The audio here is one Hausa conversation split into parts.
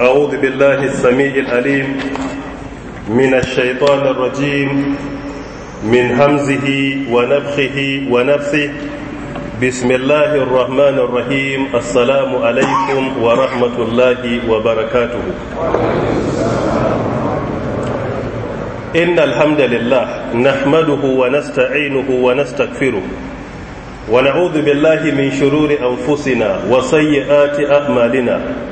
أعوذ بالله السميع العليم من الشيطان الرجيم من همزه ونفخه ونفسه بسم الله الرحمن الرحيم السلام عليكم ورحمة الله وبركاته إن الحمد لله نحمده ونستعينه ونستغفره ونعوذ بالله من شرور أنفسنا وسيئات أعمالنا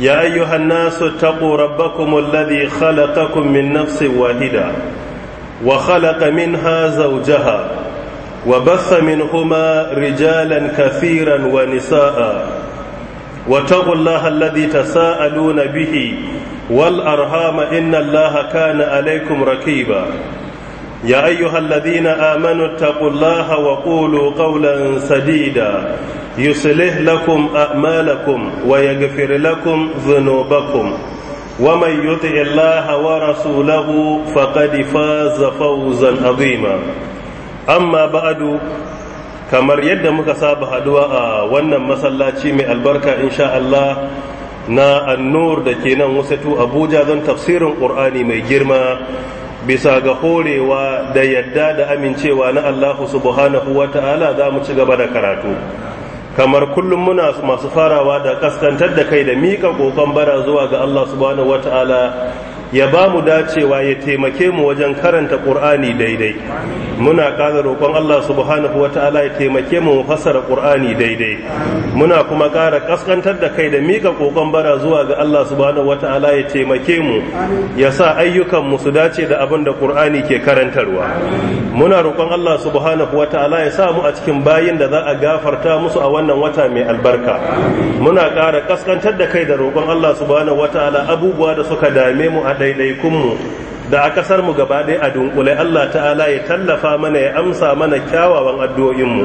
يا أيها الناس اتقوا ربكم الذي خلقكم من نفس واحدة وخلق منها زوجها وبث منهما رجالا كثيرا ونساء واتقوا الله الذي تساءلون به والأرهام إن الله كان عليكم ركيباً يا أيها الذين آمنوا اتقوا الله وقولوا قولا سديدا يصلح لكم أعمالكم ويغفر لكم ذنوبكم ومن يطع الله ورسوله فقد فاز فوزا عظيما أما بعد kamar yadda muka saba haduwa a wannan masallaci mai albarka insha na annur da kenan nan abuja don tafsirin ƙur'ani mai girma bisa ga horewa da yadda da amincewa na Allahu subhanahu wa ta'ala za mu ci gaba da karatu kamar kullum muna masu farawa da kaskantar da kai da miƙa kokon bara zuwa ga Allah subhanahu wa ta'ala ya ba mu dacewa ya taimake mu wajen karanta ƙur'ani daidai muna ƙara roƙon Allah subhanahu wa ta'ala ya taimake mu mu fassara Qur'ani daidai muna kuma ƙara kaskantar da kai da mika kokon bara zuwa ga Allah subhanahu wa ta'ala ya taimake mu ya sa ayyukan mu su dace da abin da Qur'ani ke karantarwa muna roƙon Allah subhanahu wa ta'ala ya sa mu a cikin bayin da za a gafarta musu a wannan wata mai albarka muna ƙara kaskantar da kai da roƙon Allah subhanahu wa ta'ala abubuwa da suka dame mu a ɗaiɗaikunmu mu da a kasar mu gaba ɗaya a dunkule Allah ta'ala ya tallafa mana ya amsa mana kyawawan addu'o'inmu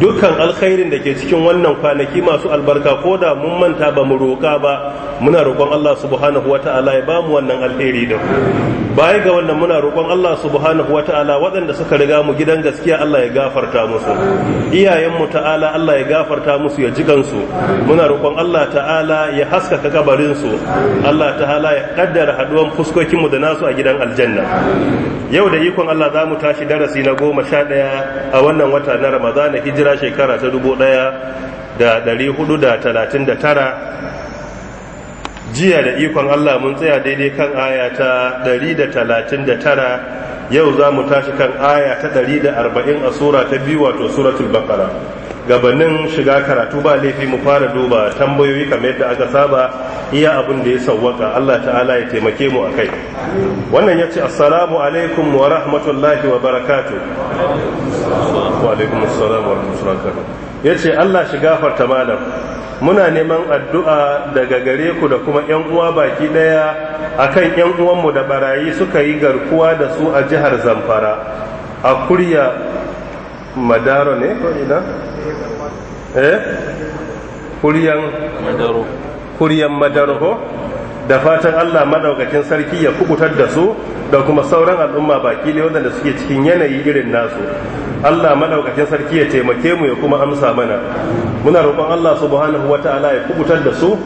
dukkan alkhairin da ke cikin wannan kwanaki masu albarka ko da mun manta ba mu roƙa ba muna roƙon Allah subhanahu wata'ala ya bamu wannan alheri da ku. baya ga wannan muna roƙon Allah subhanahu wata'ala waɗanda suka riga mu gidan gaskiya Allah ya gafarta musu iyayenmu ta'ala Allah ya gafarta musu ya su muna roƙon Allah ta'ala ya haskaka kabarin su Allah ta'ala ya kaddara fuskokin mu da nasu a gidan gidan aljanna yau da ikon Allah za mu tashi darasi na goma sha ɗaya a wannan wata na ramadana hijira shekara ta dubu ɗaya da ɗari hudu da talatin da tara jiya da ikon Allah mun tsaya daidai kan aya ta tara yau za mu tashi kan aya ta arba'in a sura ta biyu wato suratul baqara gabanin shiga karatu ba laifi mu fara duba tambayoyi kamar yadda aka saba iya abin da ya sauwaka. Allah ta'ala ya taimake mu a kai wannan ya ce assalamu alaikum wa rahmatullahi wa barakatu wa alaikum assalam wa rahmatullahi ya ce Allah shi gafarta malam muna neman addu'a daga gare ku da kuma ‘yan uwa baki ɗaya a kan ‘yan uwanmu da barayi suka yi garkuwa da su a jihar zamfara a kurya madaro ne ko ina eh kuryan madaro kuryan madaro ko da fatan Allah madaukakin sarki ya kubutar da su da kuma sauran al'umma baki ne waɗanda suke cikin yanayi irin nasu Allah madaukakin sarki ya taimake mu ya kuma amsa mana muna roƙon Allah subhanahu wata'ala ya kubutar da su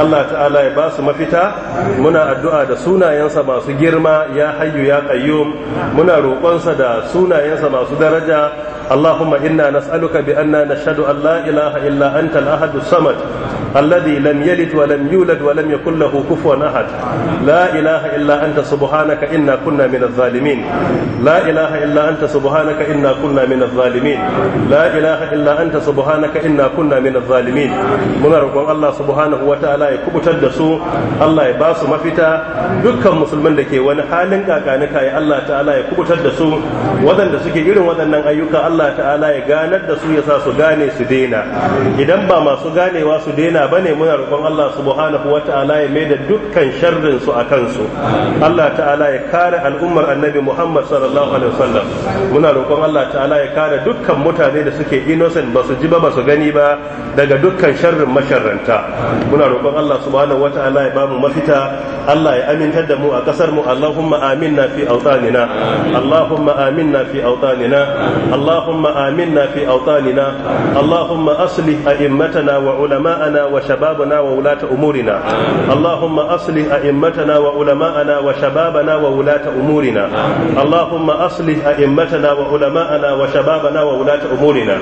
Allah ta'ala ya ba su mafita muna addu'a da sunayensa masu girma ya hayyu ya qayyum muna roƙonsa da sunayensa masu daraja inna bi anna nashhadu an la ilaha illa ilaha illa ahad as-samad الذي لم يلد ولم يولد ولم يكن له كفوا أحد لا إله إلا أنت سبحانك إنا كنا من الظالمين لا إله إلا أنت سبحانك إنا كنا من الظالمين لا إله إلا أنت سبحانك إنا كنا من الظالمين muna roƙon Allah subhanahu wa ta'ala ya kubutar da su Allah ya basu mafita dukkan musulman da ke wani halin kakanika ya Allah ta'ala ya kubutar da su waɗanda suke irin waɗannan ayyuka Allah ta'ala ya ganar da su ya sa su gane su daina idan ba masu ganewa su daina fitina bane muna roƙon Allah subhanahu wata'ala ya maida dukkan sharrin su akan su Allah ta'ala ya kare al'ummar annabi Muhammad sallallahu alaihi wasallam muna roƙon Allah ta'ala ya kare dukkan mutane da suke innocent ba su ji ba ba su gani ba daga dukkan sharrin masharranta muna roƙon Allah subhanahu ya bamu mafita Allah ya aminta da mu a kasar mu Allahumma aminna fi awtanina Allahumma aminna fi awtanina Allahumma aminna fi awtanina Allahumma aslih a'immatana wa ulama'ana وشبابنا وولاة أمورنا اللهم أصلح أئمتنا وعلماءنا وشبابنا وولاة أمورنا اللهم أصلح أئمتنا وعلماءنا وشبابنا وولاة أمورنا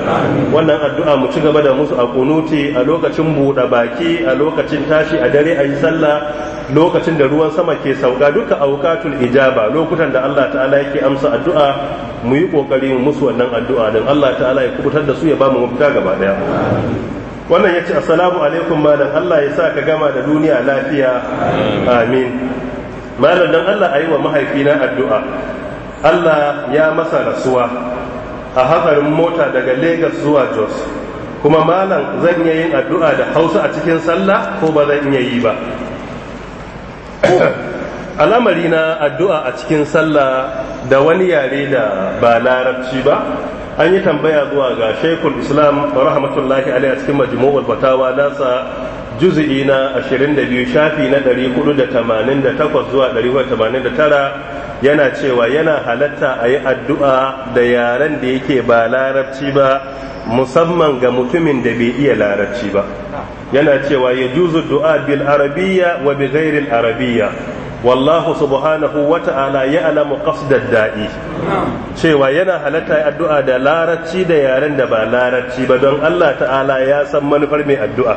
وانا الدعاء mu بدا gaba da musu تنبو kunuti a تنتاشي buɗe أي a lokacin da ruwan sama ke sauka duka aukatul ijaba lokutan da Allah ta'ala yake amsa addu'a mu yi kokari musu wannan addu'a din Allah ta'ala ya kubutar da su ya ba mu mafita gaba daya wannan ya ce assalamu alaikum malam Allah ya sa ka gama da duniya lafiya amin malam dan Allah a yi wa mahaifina addu'a Allah ya masa rasuwa a hatsarin mota daga Legas zuwa Jos kuma malam zan yi yin addu'a da hausa a cikin sallah ko ba zan iya yi ba al'amari na addu'a a cikin sallah da wani yare da ba larabci ba an yi tambaya zuwa ga shaikul islam rahmatullahi alaihi a cikin majmu'ul fatawa nasa juz'i na 22 shafi na 488 zuwa 489 yana cewa yana halatta a yi addu'a da yaren da yake ba larabci ba musamman ga mutumin da bai iya larabci ba yana cewa ya juzu du'a bil arabiya wa bi ghairil arabiyya wallahu subhanahu wa ta'ala ya alamu qasdad cewa yana halatta addu'a da larabci da yaren da ba larabci ba don Allah ta'ala ya san manufar mai addu'a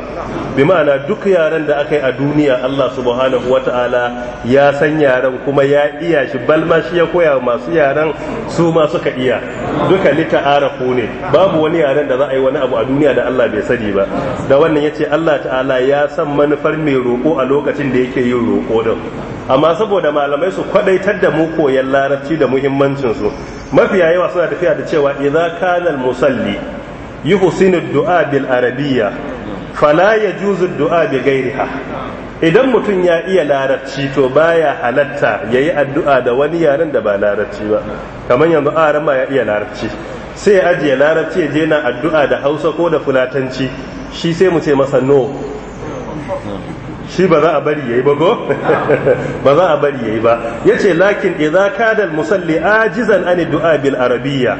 bi ma'ana duk yaren da aka yi a duniya Allah subhanahu wa ta'ala ya san yaren kuma ya iya shi balma shi ya koya masu yaren su ma suka iya duka lita'arafu ne babu wani yaren da za a yi wani abu a duniya da Allah bai sani ba da wannan ya ce Allah ta'ala ya san manufar mai roƙo a lokacin da yake yin roƙo din amma saboda malamai su kwadaitar da mu koyan larabci da muhimmancin su mafiya yawa suna tafiya da cewa idza kana al musalli yuhsinu du'a bil arabiyya fala yajuzu du'a bi ghayriha idan mutum ya iya larabci to baya halatta yayi addu'a da wani yaren da ba larabci ba kamar yanzu arama ya iya larabci sai ya ajiye larabci ya je na addu'a da hausa ko da fulatanci shi sai mu ce masa no shi ba za a bari yayi ba ko ba za a bari yayi ba yace lakin idza kada al musalli ajizan an du'a bil arabiyya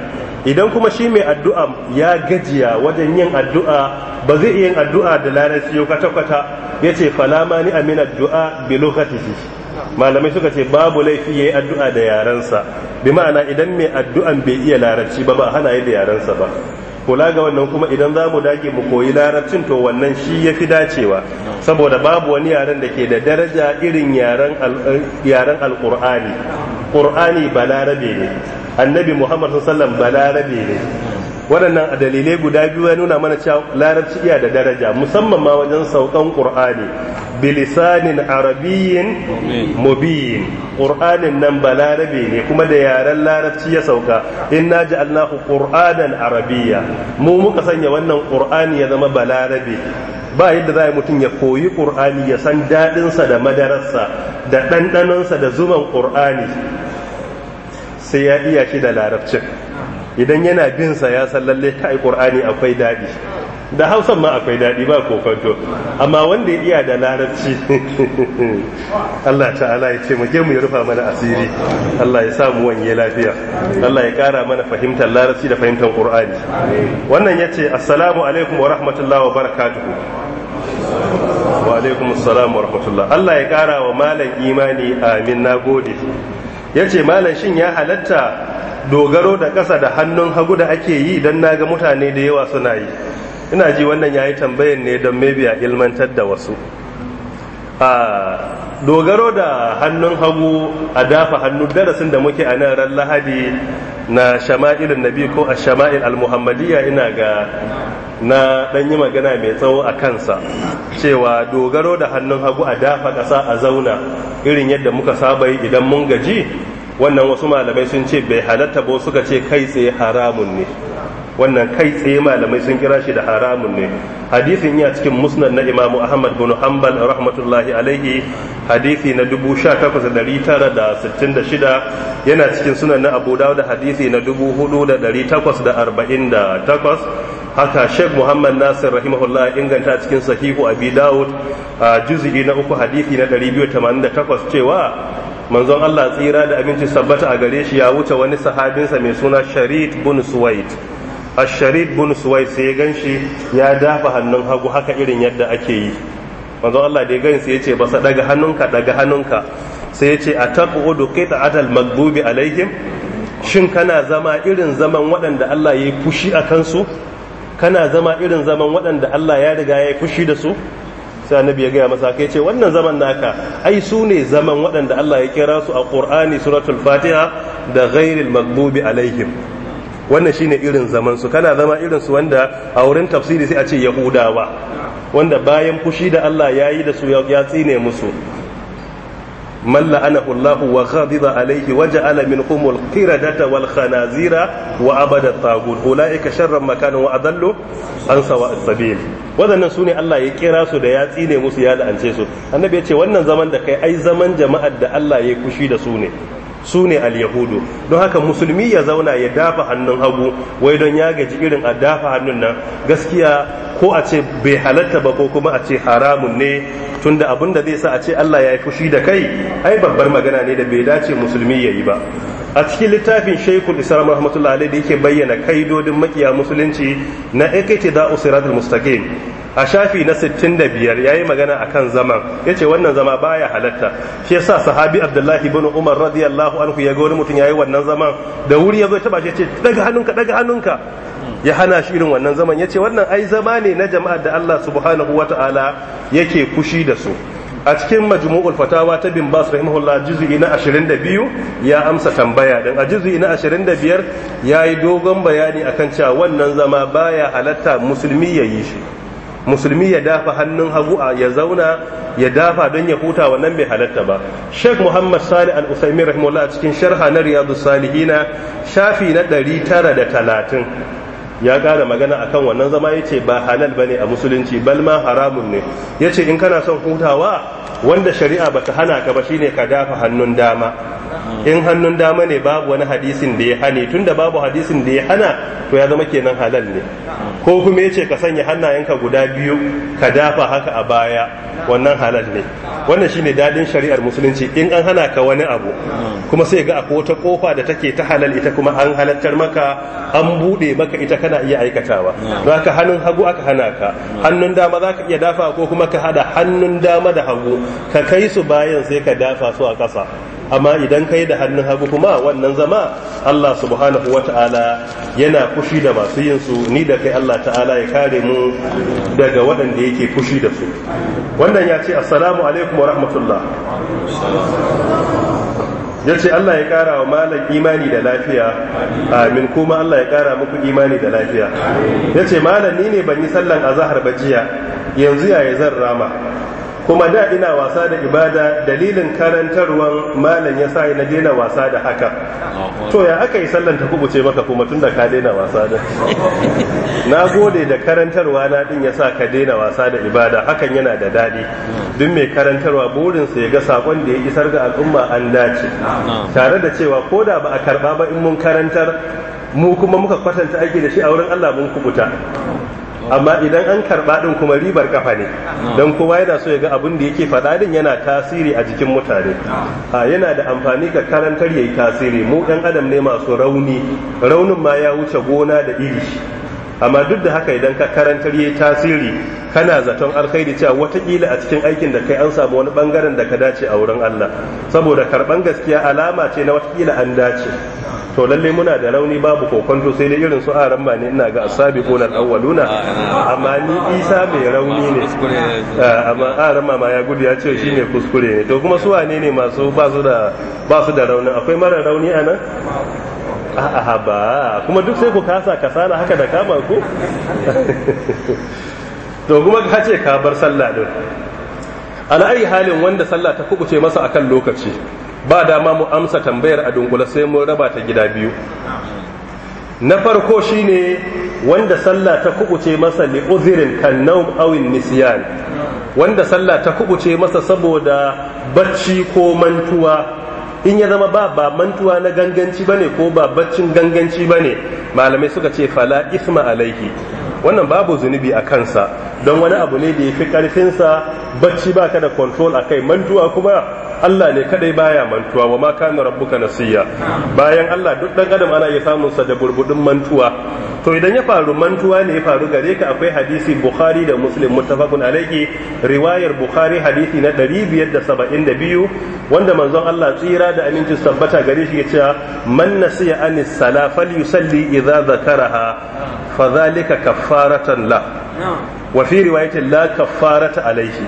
idan kuma shi mai addu'a ya gajiya wajen yin addu'a ba zai yin addu'a da larabci kwata kwata yace fala mani amina addu'a bi lughatihi malamai suka ce babu laifi yayi addu'a da yarensa bi ma'ana idan mai addu'an bai iya larabci ba ba hana yi da yarensa ba kula ga wannan kuma idan za mu dage mu koyi larabcin to wannan shi ya fi dacewa saboda babu wani yaren da ke da daraja irin yaren alƙur'ani ƙur'ani balarabe ne annabi muhammad sallam balarabe ne waɗannan a dalilai guda biyu ya nuna mana cewa larabci iya da daraja musamman ma wajen saukan ƙur'ani bilisanin arabiyyin mubiyin ƙur'anin nan ba larabe ne kuma da yaren larabci ya sauka in na ji allahu ƙur'anin arabiyya mu muka sanya wannan ƙur'ani ya zama ba balarabe ba yadda za a yi mutum ya koyi ƙur'ani ya san daɗinsa da madararsa da ɗanɗanonsa da zuman ƙur'ani sai ya iya shi da larabcin idan yana bin sa ya san lalle kai qur'ani akwai dadi da hausan ma akwai daɗi ba kokonto amma wanda ya iya da larabci Allah ta'ala ya ce mu je mu rufa mana asiri Allah ya samu wanye lafiya Allah ya ƙara mana fahimtar larabci da fahimtar Qur'ani wannan yace assalamu alaikum wa rahmatullahi wa barakatuhu wa alaikum assalam wa rahmatullah Allah ya ƙara wa malam imani amin nagode yace malam shin ya halatta dogaro da ƙasa da hannun hagu da ake yi don na ga mutane da yawa suna yi ina ji wannan ya yi tambayan ne don maybe a ilmantar da wasu a dogaro da hannun hagu a dafa hannu darasin da muke a nan ran lahadi na shama'ilin nabi ko a shama'il al-muhammadiyya ina ga na ɗan yi magana mai tsawo a kansa cewa dogaro da hannun hagu a dafa ƙasa a zauna irin yadda muka saba yi idan mun gaji wannan wasu malamai sun ce bai halatta ba suka ce kai tsaye haramun ne wannan kai tsaye malamai sun kira shi da haramun ne hadisin ya cikin musnad na imam ahmad bin hanbal rahmatullahi alaihi hadisi na 18966 yana cikin sunan na abu dawud hadisi na 4848 haka sheikh muhammad nasir rahimahullah inganta cikin sahihu abi dawud a juz'i na uku hadisi na 288 cewa manzon Allah tsira da abinci sabbata a gare shi ya wuce wani sahabinsa mai suna Sharid bin A Asharid bin suwait sai ya ganshi ya dafa hannun hagu haka irin yadda ake yi manzon Allah da ya gani sai ya ce ba sa daga hannunka daga hannunka sai ya ce a taqudu qita'atal maghdubi alaihim shin kana zama irin zaman waɗanda Allah ya yi fushi a kansu kana zama irin zaman waɗanda Allah ya riga ya yi fushi da su sai annabi ya gaya masa kai ce wannan zaman naka ai su ne zaman waɗanda Allah ya kira su a Qur'ani suratul Fatiha da ghairil maghdubi alaihim wannan shine irin zaman su kana zama irin su wanda a wurin tafsiri sai a ce yahudawa wanda bayan fushi da Allah ya yi da su ya tsine musu man la'anahu Allah wa ghadiba alayhi wa ja'ala minhum al-qiradata wal khanazira wa abada tagut ulaika sharran makanan wa adallu an sawa as-sabil wadannan sune Allah ya kira su da ya tsine musu ya la'ance su annabi ya ce wannan zaman da kai ai zaman jama'ar da Allah ya kushi da su ne su ne al-yahudu don haka musulmi ya zauna ya dafa hannun hagu wai don ya gaji irin a dafa hannun nan gaskiya ko a ce bai halatta ba ko kuma a ce haramun ne tunda abin da zai sa a ce Allah ya yi fushi da kai ai babbar magana ne da bai dace musulmi ya yi ba a cikin littafin shaikul islam rahmatullahi alaihi da yake bayyana kaidodin makiya musulunci na ikiti da usiratul mustaqim a shafi na 65 yayi magana akan zaman yace wannan zama baya halatta shi yasa sahabi abdullahi ibn umar radiyallahu anhu ya ga wani yayi wannan zaman da wuri yazo ta taba shi yace daga hannunka daga hannunka ya hana shi irin wannan zaman yace wannan ai zama ne na jama'ar da Allah subhanahu wataala yake kushi da su a cikin majmu'ul fatawa ta bin bas rahimahullah juz'i na 22 ya amsa tambaya din a juz'i na 25 yayi dogon bayani akan cewa wannan zama baya halatta musulmi ya yi shi musulmi ya dafa hannun hagu a ya zauna ya dafa don ya huta wannan bai halatta ba sheikh muhammad salih al usaimin rahimahullah a cikin sharha na riyadu salihina shafi na 930 ya gara magana akan wannan zama ya ce ba halal ba ne a musulunci bal ma haramun ne yace in kana son hutawa wanda shari'a ba ta hana ka ba shine ka dafa hannun dama in hannun dama ne babu wani hadisin da ya hane da babu hadisin da ya hana to ya zama kenan halal ne ko kuma ce ka sanya hannayenka guda biyu ka dafa haka a baya wannan halal ne wannan shine dadin shari'ar musulunci in an hana ka wani abu kuma sai ga akwai wata kofa da take ta halal ita kuma an halattar maka an bude maka ita kana iya aikatawa don haka hannun hagu aka hana ka hannun dama zaka iya dafa ko kuma ka hada hannun dama da hagu ka kai su bayan sai ka dafa su a ƙasa amma idan kai da hannun hagu kuma wannan zama Allah subhanahu ta'ala yana fushi da masu yin su ni da kai Allah ta'ala ya kare mu daga waɗanda yake fushi da su wannan ya ce assalamu alaikum wa rahmatullah ya ce Allah ya kara wa malam imani da lafiya amin kuma Allah ya kara muku imani da lafiya ya ce malam ni ne ban yi sallan azahar ba jiya yanzu yaya zan rama kuma da ina wasa da ibada dalilin karantarwan malam ya sa na daina wasa da haka to ya aka yi sallan ta kubuce maka kuma tun da ka daina wasa da na gode da karantarwa na din ya sa ka daina wasa da ibada hakan yana da daɗi duk mai karantarwa burinsa ya ga sakon da ya isar ga al'umma an dace tare da cewa ko da ba a karba ba in mun karantar mu kuma muka kwatanta aiki da shi a wurin Allah mun kubuta amma idan an karɓa din kuma ribar kafa ne ah. don kowa yana so ya ga abin da yake faɗa din yana tasiri a jikin mutane a ah. ah, yana da amfani ka karantar yayi tasiri mu ɗan adam ne masu rauni raunin ma ya wuce gona da iri amma duk da haka idan ka karantar yayi tasiri kana zaton alkhairi cewa watakila a cikin aikin da kai an samu wani bangaren da ka dace a wurin Allah saboda karban gaskiya alama ce na watakila an dace to lalle muna da rauni babu kokonto sai dai irin su aran ma ne ina ga asabiqun awwaluna amma ni isa mai rauni ne eh, amma aran ma ma ya gudu ya ce shine kuskure ne to kuma su wane ne masu ba su da ba su da rauni akwai mara rauni anan a'a ba kuma duk sai ku kasa kasala haka da kama ku to kuma ka ce ka bar sallah din ala halin wanda sallah ta kubuce masa akan lokaci ba dama mu amsa tambayar a dungula sai mun raba ta gida biyu na farko shine wanda sallah ta kubuce masa li uzirin kan naum aw nisyan wanda sallah ta kubuce masa saboda bacci ko mantuwa in ya zama ba ba mantuwa na ganganci bane ko ba baccin ganganci bane malamai suka ce fala isma alaihi wannan babu zunubi a kansa don wani abu ne da ya fi karfinsa bacci ba ka da kontrol a kai mantuwa kuma Allah ne kadai baya mantuwa wa ma kana rabbuka nasiya bayan Allah duk dan adam ana iya samun sa da burbudin mantuwa to idan ya faru mantuwa ne ya faru gare ka akwai hadisi Bukhari da Muslim muttafaqun alayhi riwayar Bukhari hadisi na 572 wanda manzon Allah tsira da aminci tabbata gare shi yace man nasiya anis sala yusalli idza zakaraha fadhalika kaf kafaratan la wa fi riwayatin la kafarata alaihi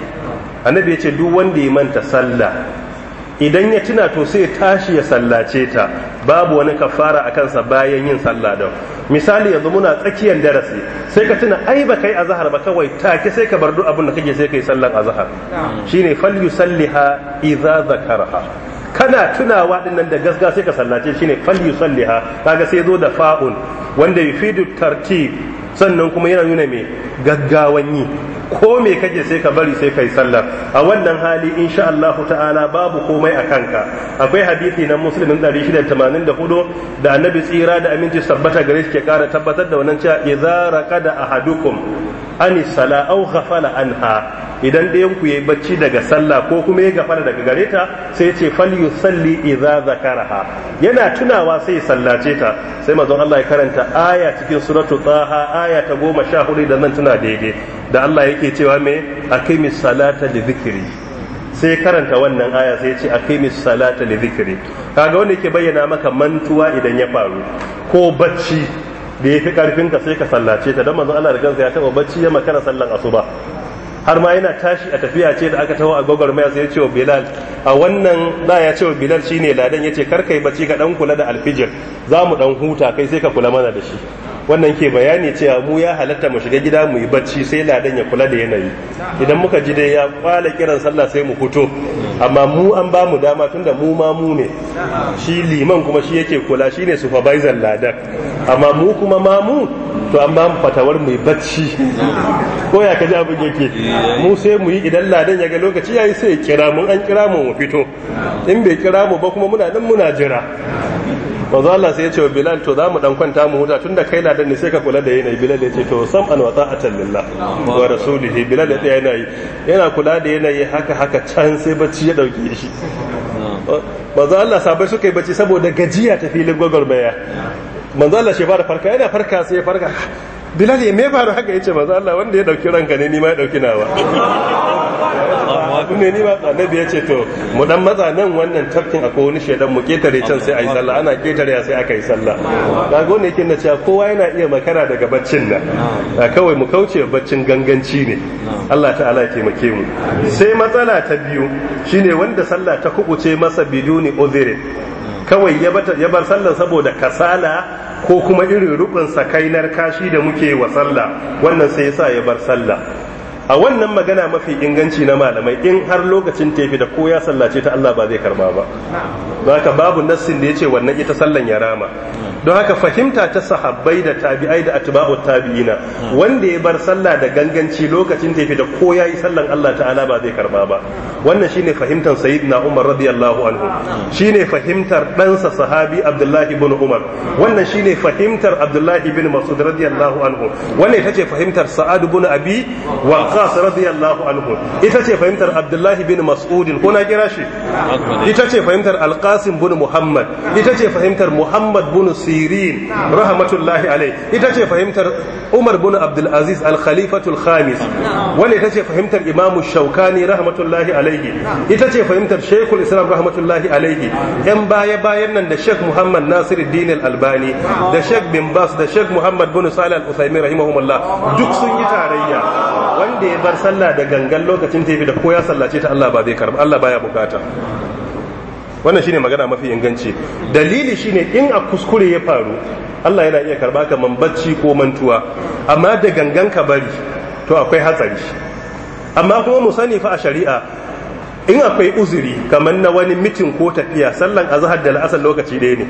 annabi yace duk wanda ya manta sallah idan ya tuna to sai tashi ya sallace ta babu wani kafara a kansa bayan yin sallah da misali yanzu muna tsakiyar darasi sai ka tuna ai ba kai azhar ba kawai take sai ka bar duk abin da kake sai kai sallar azhar shine fal yusalliha idza zakarha kana tunawa nan da gaskiya sai ka sallace shine fal yusalliha kaga sai zo da fa'un wanda yufidu tartib sannan kuma yana nuna mai gaggawanyi ko me kake sai ka bari sai kai sallar a wannan hali insha Allah ta'ala babu komai a kanka akwai hadisi na muslimin 684 da annabi tsira da aminci sabbata gare shi ke kara tabbatar da wannan cewa idza raqada ahadukum ani sala ghafala anha idan ɗayan ku yayi bacci daga sallah ko kuma ya gafara daga gare ta sai ce falyusalli idza zakaraha yana tunawa sai sallace ta sai manzon Allah ya karanta aya cikin suratu taha aya ta goma sha hudu da nan tuna daidai da Allah yake cewa me akimi salata li dhikri sai karanta wannan aya sai ce akimi salata li dhikri kaga wanda yake bayyana maka mantuwa idan ya faru ko bacci da ya fi ƙarfinka sai ka sallace ta don manzon Allah da kansa ya taɓa bacci ya makara sallan asuba har ma yana tashi a tafiya ce da aka taho a gogar maya sai ya ce wa bilal a wannan da ya ce wa bilal shine ladan ya ce kar kai bacci ka ɗan kula da alfijir za mu ɗan huta kai sai ka kula mana da shi wannan ke bayani cewa mu ya halatta mu shiga gida mu yi bacci sai ladan ya kula da yanayi idan muka ji dai ya kwala kiran sallah sai mu fito amma mu an ba mu dama tunda mu ma mu ne shi liman kuma shi yake kula shi ne supervisor ladan amma mu kuma ma mu to an ba mu fatawar mu yi bacci ko ya kaji abin yake mu sai mu yi idan ladan ya ga lokaci yayi sai ya kira mun an kira mu mu fito in bai kira mu ba kuma muna nan muna jira manzo Allah sai ya ce wa Bilal to zamu dan kwanta mu huta tunda kai ladan ne sai ka kula da yanayi Bilal ya ce to sam an wa ta'atan lillah wa rasulihi Bilal ya yana yi yana kula da yanayi haka haka can sai bacci ya dauke shi manzo Allah sabai suka yi bacci saboda gajiya ta filin baya manzo Allah shi fara farka yana farka sai ya farka Bilal ya me faru haka yace manzo Allah wanda ya dauki ranka ne ni ma ya dauki nawa haɗu ne ni ba annabi ya ce to mu dan matsa nan wannan tafkin akwai wani shedan mu ketare can sai ayi sallah ana ketare sai aka yi sallah ga gone yake na cewa kowa yana iya makara daga baccin nan kawai mu kauce baccin ganganci ne Allah ta'ala ya taimake mu sai matsala ta biyu shine wanda sallah ta kubuce masa biduni uzuri kawai ya bar sallah saboda kasala ko kuma irin rukun sakainar kashi da muke wa sallah wannan sai yasa ya bar sallah a wannan magana mafi inganci na malamai in har lokacin tafi da ko ya sallace ta Allah ba zai karba ba zaka babu nassin da ce wannan ita sallan ya rama don haka fahimta ta sahabbai da tabi'ai da atba'u tabi'ina wanda ya bar sallah da ganganci lokacin tafi da ko yayi sallan Allah ta'ala ba zai karba ba wannan shine fahimtar sayyidina Umar radiyallahu anhu shine fahimtar ɗansa sahabi Abdullahi ibn Umar wannan shine fahimtar Abdullahi ibn Mas'ud radiyallahu anhu wannan ita ce fahimtar Sa'ad ibn Abi Waqqas radiyallahu anhu ita ce fahimtar Abdullahi ibn Mas'ud kuna kira shi ita ce fahimtar Al-Qasim ibn Muhammad ita ce fahimtar Muhammad ibn sirin rahmatullahi alai ita ce fahimtar umar bin abdul aziz al khalifatul khamis wanda ita ce fahimtar imamu shaukani rahmatulahi alaihi ita ce fahimtar shaykhul islam rahmatullahi alaihi yan baya bayan nan da sheikh muhammad nasiruddin al albani da sheikh bimbas da sheikh muhammad bin salih al uthaymin rahimahumullah duk sun yi tarayya wanda ya bar sallah da gangan lokacin tafi da ko ya sallace ta Allah ba zai karba Allah baya bukata wannan shine magana mafi inganci dalili shine in a kuskure ya faru Allah yana iya karba ka mambacci bacci ko mantuwa amma da gangan ka bari to akwai hatsari amma kuma mu sani fa a shari'a in akwai uzuri kamar na wani mitin ko tafiya sallan azhar da la'asar lokaci ɗaya ne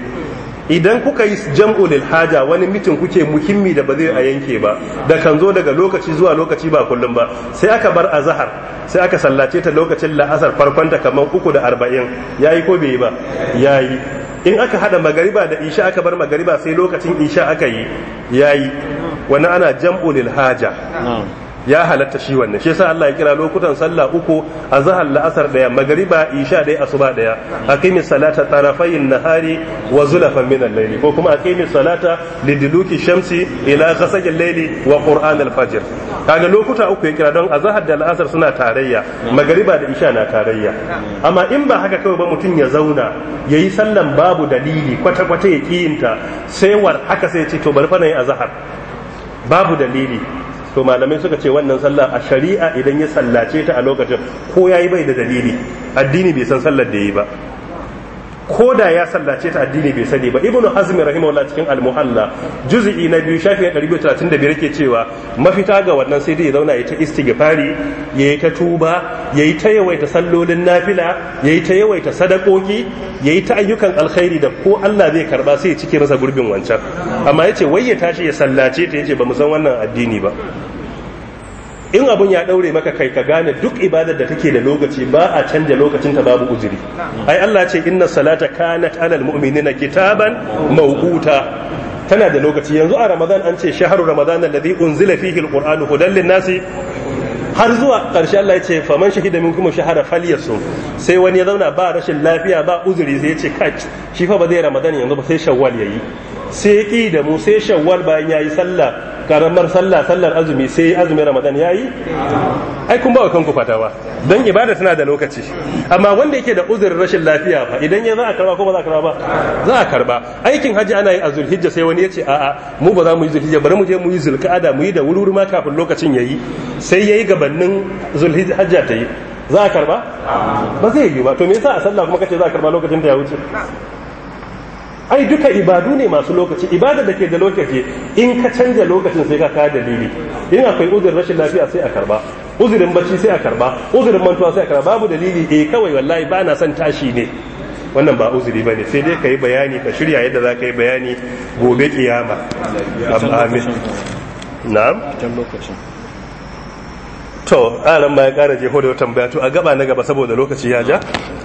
idan kuka yi jam'u lil haja wani mitin kuke muhimmi da ba zai a yanke ba da kan zo daga lokaci zuwa lokaci ba kullum ba sai aka bar azhar sai aka sallace ta lokacin la'asar farkonta kamar uku da arba'in yayi ko bai yi ba yayi in aka hada magariba da isha aka bar magariba sai lokacin isha aka yi yayi wani ana jam'u lil haja ya halatta shi wannan shi yasa Allah ya kira lokutan sallah uku azhar la'asar daya magriba isha daya asuba daya aqimi salata tarafayin nahari wa zulafan min al-layli ko kuma aqimi salata liduluki shamsi ila ghasaqi al-layli wa qur'an al-fajr kaga lokuta uku ya kira don azhar da la'asar suna tarayya magriba da isha na tarayya amma in ba haka kawai ba mutum ya zauna yayi sallan babu dalili kwata kwata ya kiyinta sai war haka sai ya ce to bari fa yi azhar babu dalili to malamai suka ce wannan sallah a shari'a idan ya sallace ta a lokacin ko yayi bai da dalili addini bai san sallar da yi ba ko da ya sallace ta addini bai sani ba ibnu hazmi rahimahullah cikin al-muhalla juz'i na biyu shafi 235 yake cewa mafita ga wannan sai dai zauna ya ta istighfari yayi ta tuba yayi ta yawaita sallolin nafila yayi ta yawaita sadakoki yayi ta ayyukan alkhairi da ko Allah zai karba sai ya cike masa gurbin wancan amma yace wai ya tashi ya sallace ta yace ba mu san wannan addini ba in abun ya ɗaure maka kai ka gane duk ibadar da take da lokaci ba a canja lokacin ta babu uzuri ai Allah ce inna salata kanat alal mu'minina kitaban mawquta tana da lokaci yanzu a Ramadan an ce shahru Ramadan alladhi unzila fihi alqur'anu hudan linnasi har zuwa karshe Allah ya ce faman shahida minkum kuma shahara falyasum sai wani ya zauna ba rashin lafiya ba uzuri sai ya ce kai shi fa ba zai Ramadan yanzu ba sai Shawwal yayi sai ƙi da mu sai shawwal bayan ya yi sallah karamar sallah sallar azumi sai azumi ramadan ya yi ai kun ba wa kanku fatawa don ibada tana da lokaci amma wanda yake da uzurin rashin lafiya fa idan ya za a karba ko ba za a karba ba za a karba aikin hajji ana yi a zulhijja sai wani ya ce a'a mu ba za mu yi zulhijja bari mu je mu yi zulka'ada mu yi da wuri ma kafin lokacin ya yi sai ya yi gabanin zulhijja ta yi za a karba ba zai yi ba to me yasa a sallah kuma kace za a karba lokacin ta ya wuce ai duka ibadu ne masu lokaci ibada da ke da lokaci in ka canja lokacin sai ka ka dalili in akwai uzurin rashin lafiya sai a karba uzurin bacci sai a karba uzurin mantuwa sai a karba babu dalili eh kawai wallahi ba na son tashi ne wannan ba uzuri bane sai dai ka yi bayani ka shirya yadda za ka yi bayani gobe kiyama amin na'am to aran ma ya kara jeho da tambaya to a gaba na gaba saboda lokaci ya ja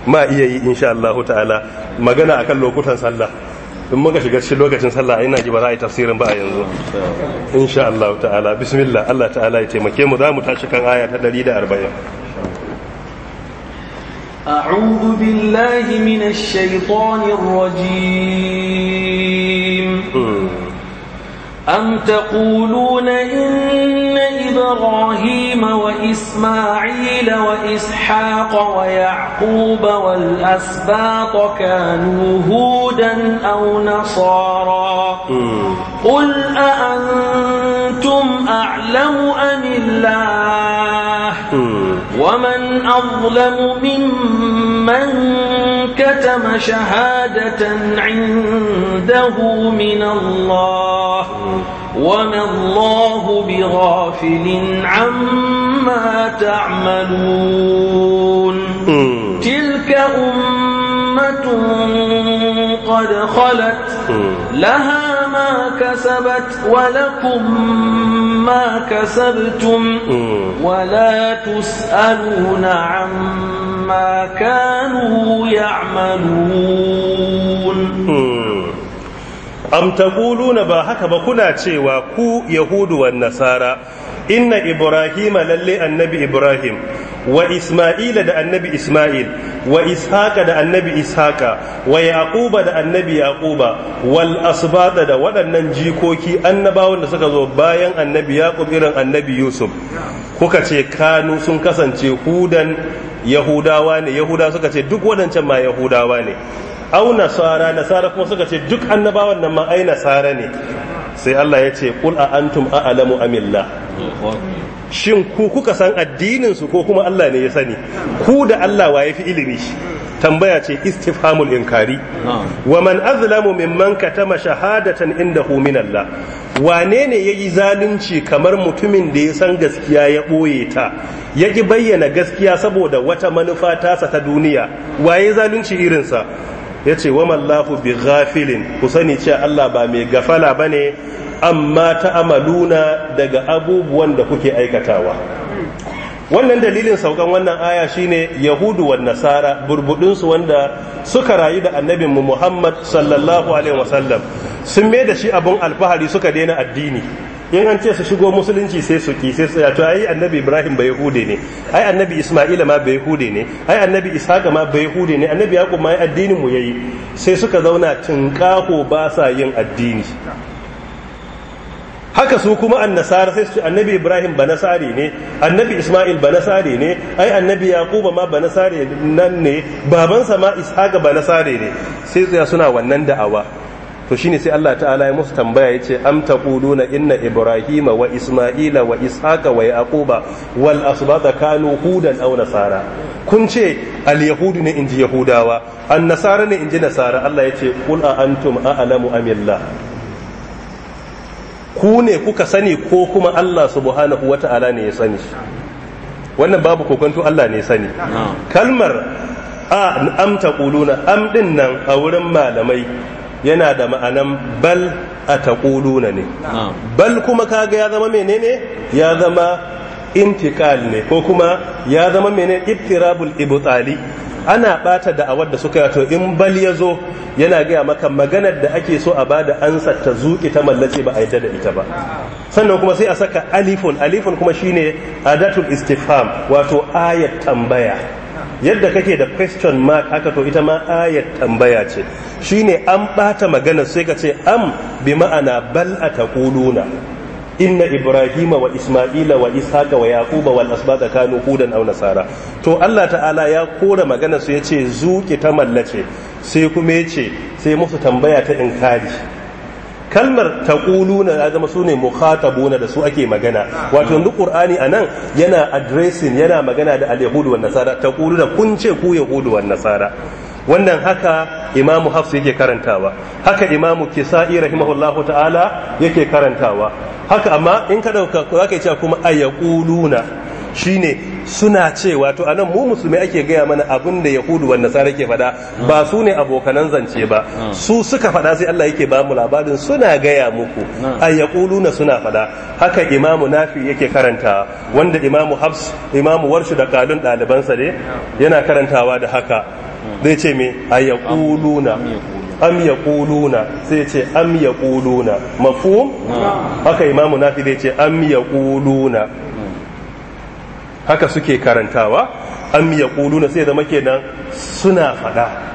ma iya yi insha Allah ta'ala magana akan lokutan sallah in muka shiga cikin lokacin sallah ina ji ba za a yi tafsirin ba a yanzu insha Allah ta'ala bismillah Allah ta'ala ya taimake mu za mu tashi kan aya ta 140 أعوذ بالله من الشيطان الرجيم أم تقولون إن إبراهيم وإسماعيل وإسحاق ويعقوب والأسباط كانوا هودا أو نصارا قل أأنتم أعلم أم الله ومن أظلم ممن كتم شهادة عنده من الله وما الله بغافل عما تعملون تلك أمة قد خلت لها كسبت ولكم ما كسبتم ولا تسألون عما كانوا يعملون am taquluna ba haka ba kuna cewa ku yahudu wan nasara inna ibrahima lalle annabi ibrahim wa isma'ila da annabi isma'il wa ishaqa da annabi ishaqa wa yaquba da annabi yaquba wal asbada da waɗannan jikoki annabawan da suka zo bayan annabi yaqub irin annabi yusuf kuka ce kanu sun kasance hudan yahudawa ne yahuda suka ce duk waɗancan ma yahudawa ne au nasara nasara kuma suka ce duk annabawan nan ma ai nasara ne sai Allah ya ce qul a antum a'lamu amilla shin ku kuka san addinin su ko kuma Allah ne ya sani ku da Allah waye fi ilimi tambaya ce istifhamul inkari wa man azlamu mimman katama shahadatan indahu min Allah wane ne yayi zalunci kamar mutumin da ya san gaskiya ya ɓoye ta ya ki bayyana gaskiya saboda wata manufa tasa ta duniya waye zalunci irinsa ya ce wa mallahu bi ghafilin ku sani cewa Allah ba mai gafala ba ne amma ta'amaluna daga abubuwan da kuke aikatawa wannan dalilin saukan wannan aya shine yahudu wa nasara burbudinsu wanda suka rayu da annabin mu muhammad sallallahu alaihi wasallam sun mai da shi abun alfahari suka daina addini in an ce su shigo musulunci sai su ki sai su ya to ai annabi ibrahim bai yahude ne ai annabi isma'ila ma bai yahude ne ai annabi Isaka ma bai yahude ne annabi yaqub ma addinin mu yayi sai suka zauna tinkaho ba sa yin addini haka su kuma annasara sai su annabi ibrahim ba nasari ne annabi isma'il ba nasari ne ai annabi yaquba ma ba nasari nan ne babansa ma Isaka ba nasari ne sai suna wannan da'awa to shine sai Allah ta'ala ya musu tambaya yace am taquluna inna ibrahima wa isma'ila wa ishaqa wa yaquba wal asbata kanu hudan aw nasara kun ce al yahudu ne inji yahudawa an nasara ne inji nasara Allah ce qul a antum a'lamu amillah ku ne kuka sani ko kuma Allah subhanahu wata'ala ne ya sani wannan babu kokonto Allah ne ya sani kalmar a am taquluna am din nan a wurin malamai yana da ma'anan bal a taƙuluna ne bal kuma kaga ya zama menene ya zama intikal ne ko kuma ya zama menene iftirabul ibtali ana bata da awar da suka to in bal ya zo yana gaya maka maganar da ake so a bada ansa ta zuƙi ta mallace ba a yi da ita ba sannan kuma sai a saka alifun alifun kuma shine adatul istifham wato ayat tambaya yadda kake da question mark haka to ita ma ayat tambaya ce shine an bata magana sai ka ce am bi ma'ana bal ataquluna inna ibrahima wa isma'ila wa ishaqa wa yaquba wal asbata kanu hudan aw nasara to Allah ta'ala ya kora magana su yace zuki ta mallace sai kuma yace sai musu tambaya ta inkari kalmar taquluna ya zama sune mukhatabuna da su ake magana wato yanzu qur'ani anan yana addressing yana magana da al-yahudu wan nasara taquluna kun ce ku yahudu wan nasara wannan haka imamu hafsu yake karantawa haka imamu kisa'i rahimahullahu ta'ala yake karantawa haka amma in ka dauka zaka ce kuma ayaquluna Shi ne suna cewa to anan mu musulmi ake gaya mana abin da yahudu wanda nasara ke fada ba su ne abokanan zance ba hmm. su suka fada sai Allah yake ba mu labarin suna gaya muku hmm. ay yaquluna suna fada haka imamu nafi yake karanta wanda imamu hafs imamu warshu da kalun ɗalibansa ne hmm. yana karantawa da haka zai ce me ay yaquluna am ya sai ce am ya ƙuluna haka imamu nafi zai ce am ya haka suke karantawa miya Kuluna sai zama kenan suna fada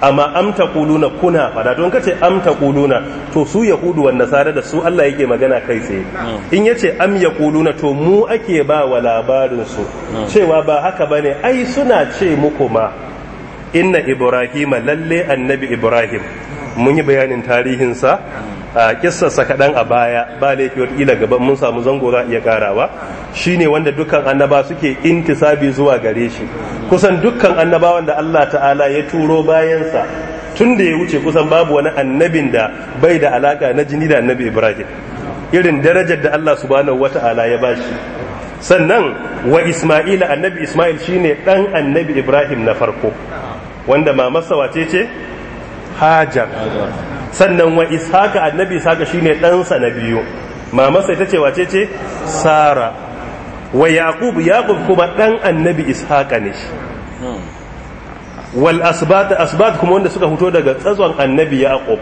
amma amta kuluna kuna fada don kace amta Kuluna to su yahudu wannan sare da su Allah yake magana kai tsaye hmm. in yace am Kuluna to mu ake ba wa labarin su hmm. cewa ba haka bane ai suna ce muku ma inna ibrahima lalle annabi ibrahim mun yi bayanin tarihinsa hmm. a kissarsa kaɗan a baya ba laifi kila gaba mun samu zango za iya karawa shine wanda dukkan annaba suke intisabi zuwa gare shi kusan dukkan annabawan da Allah ta'ala ya turo bayansa tun da ya wuce kusan babu wani annabin da bai da alaka na jini da annabi ibrahim irin darajar da Allah subhanahu wata'ala ya bashi sannan wa isma'ila annabi isma'il shine dan annabi ibrahim na farko wanda mamarsa wace ce hajar sannan wa ishaka annabi ishaka shine ɗansa na biyu mamarsa ita ce wace ce sara wa yaqub yaqub kuma ɗan annabi ishaka ne wal asbat asbat kuma wanda suka fito daga tsatson annabi yaqub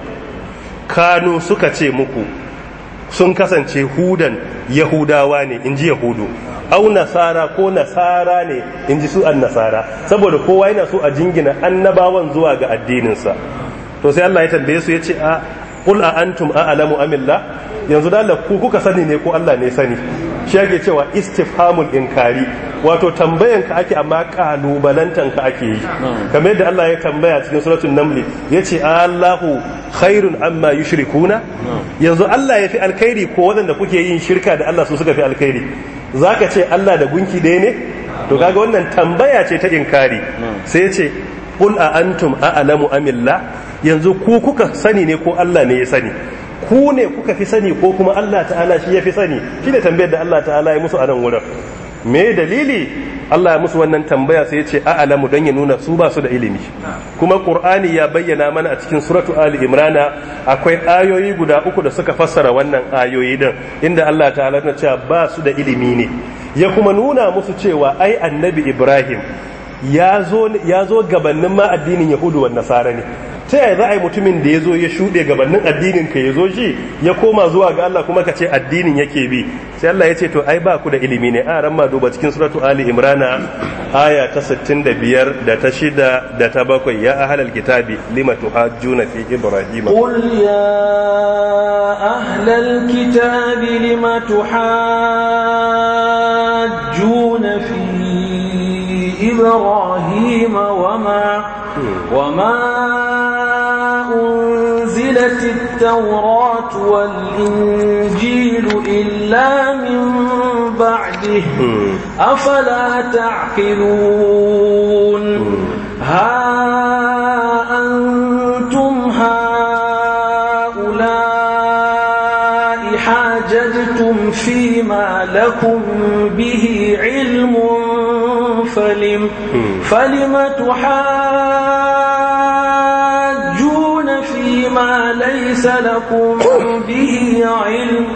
kanu suka ce muku sun kasance hudan yahudawa ne inji yahudu au nasara ko nasara ne inji su annasara saboda kowa yana so a jingina annabawan zuwa ga addininsa to sai Allah ya tambaye su ya ce a qul a antum a'lamu amilla yanzu da Allah ku kuka sani ne ko Allah ne sani shi yake cewa istifhamul inkari wato tambayan ka ake amma kalubalantan ka ake yi kamar yadda Allah ya tambaya cikin suratul naml ce Allahu khairun amma yushrikuna yanzu Allah ya fi alkhairi ko waɗanda kuke yin shirka da Allah su suka fi alkhairi zaka ce Allah da gunki ɗaya ne to kaga wannan tambaya ce ta inkari sai ya ce qul a antum a'lamu amilla yanzu ku kuka sani ne ko Allah ne ya sani ku ne kuka fi sani ko kuma Allah ta'ala shi ya fi sani shi ne tambayar da Allah ta'ala ya musu a nan wurin me dalili Allah ya musu wannan tambaya sai ya ce a'lamu dan ya nuna su ba su da ilimi kuma Qur'ani ya bayyana mana a cikin suratu Ali Imran akwai ayoyi guda uku da suka fassara wannan ayoyi din inda Allah ta'ala ya ce ba su da ilimi ne ya kuma nuna musu cewa ai annabi Ibrahim ya zo gabanin ma addinin Yahudu wa Nasara ne ta yaya za a mutumin da ya zo ya shuɗe gabanin addinin ka ya zo shi ya koma zuwa ga Allah kuma ka ce addinin yake bi sai Allah ya ce to ai ba ku da ilimi ne a ran ma duba cikin suratu ali imrana aya ta 65 da ta 6 da ta 7 ya ahlal kitabi lima tuhajjuna fi ibrahim qul ya ahlal kitabi lima tuhajjuna fi ibrahim wama wama التوراة والإنجيل إلا من بعده أفلا تعقلون ها أنتم هؤلاء حاججتم فيما لكم به علم فلم, فلم تحاجون ليس لكم به علم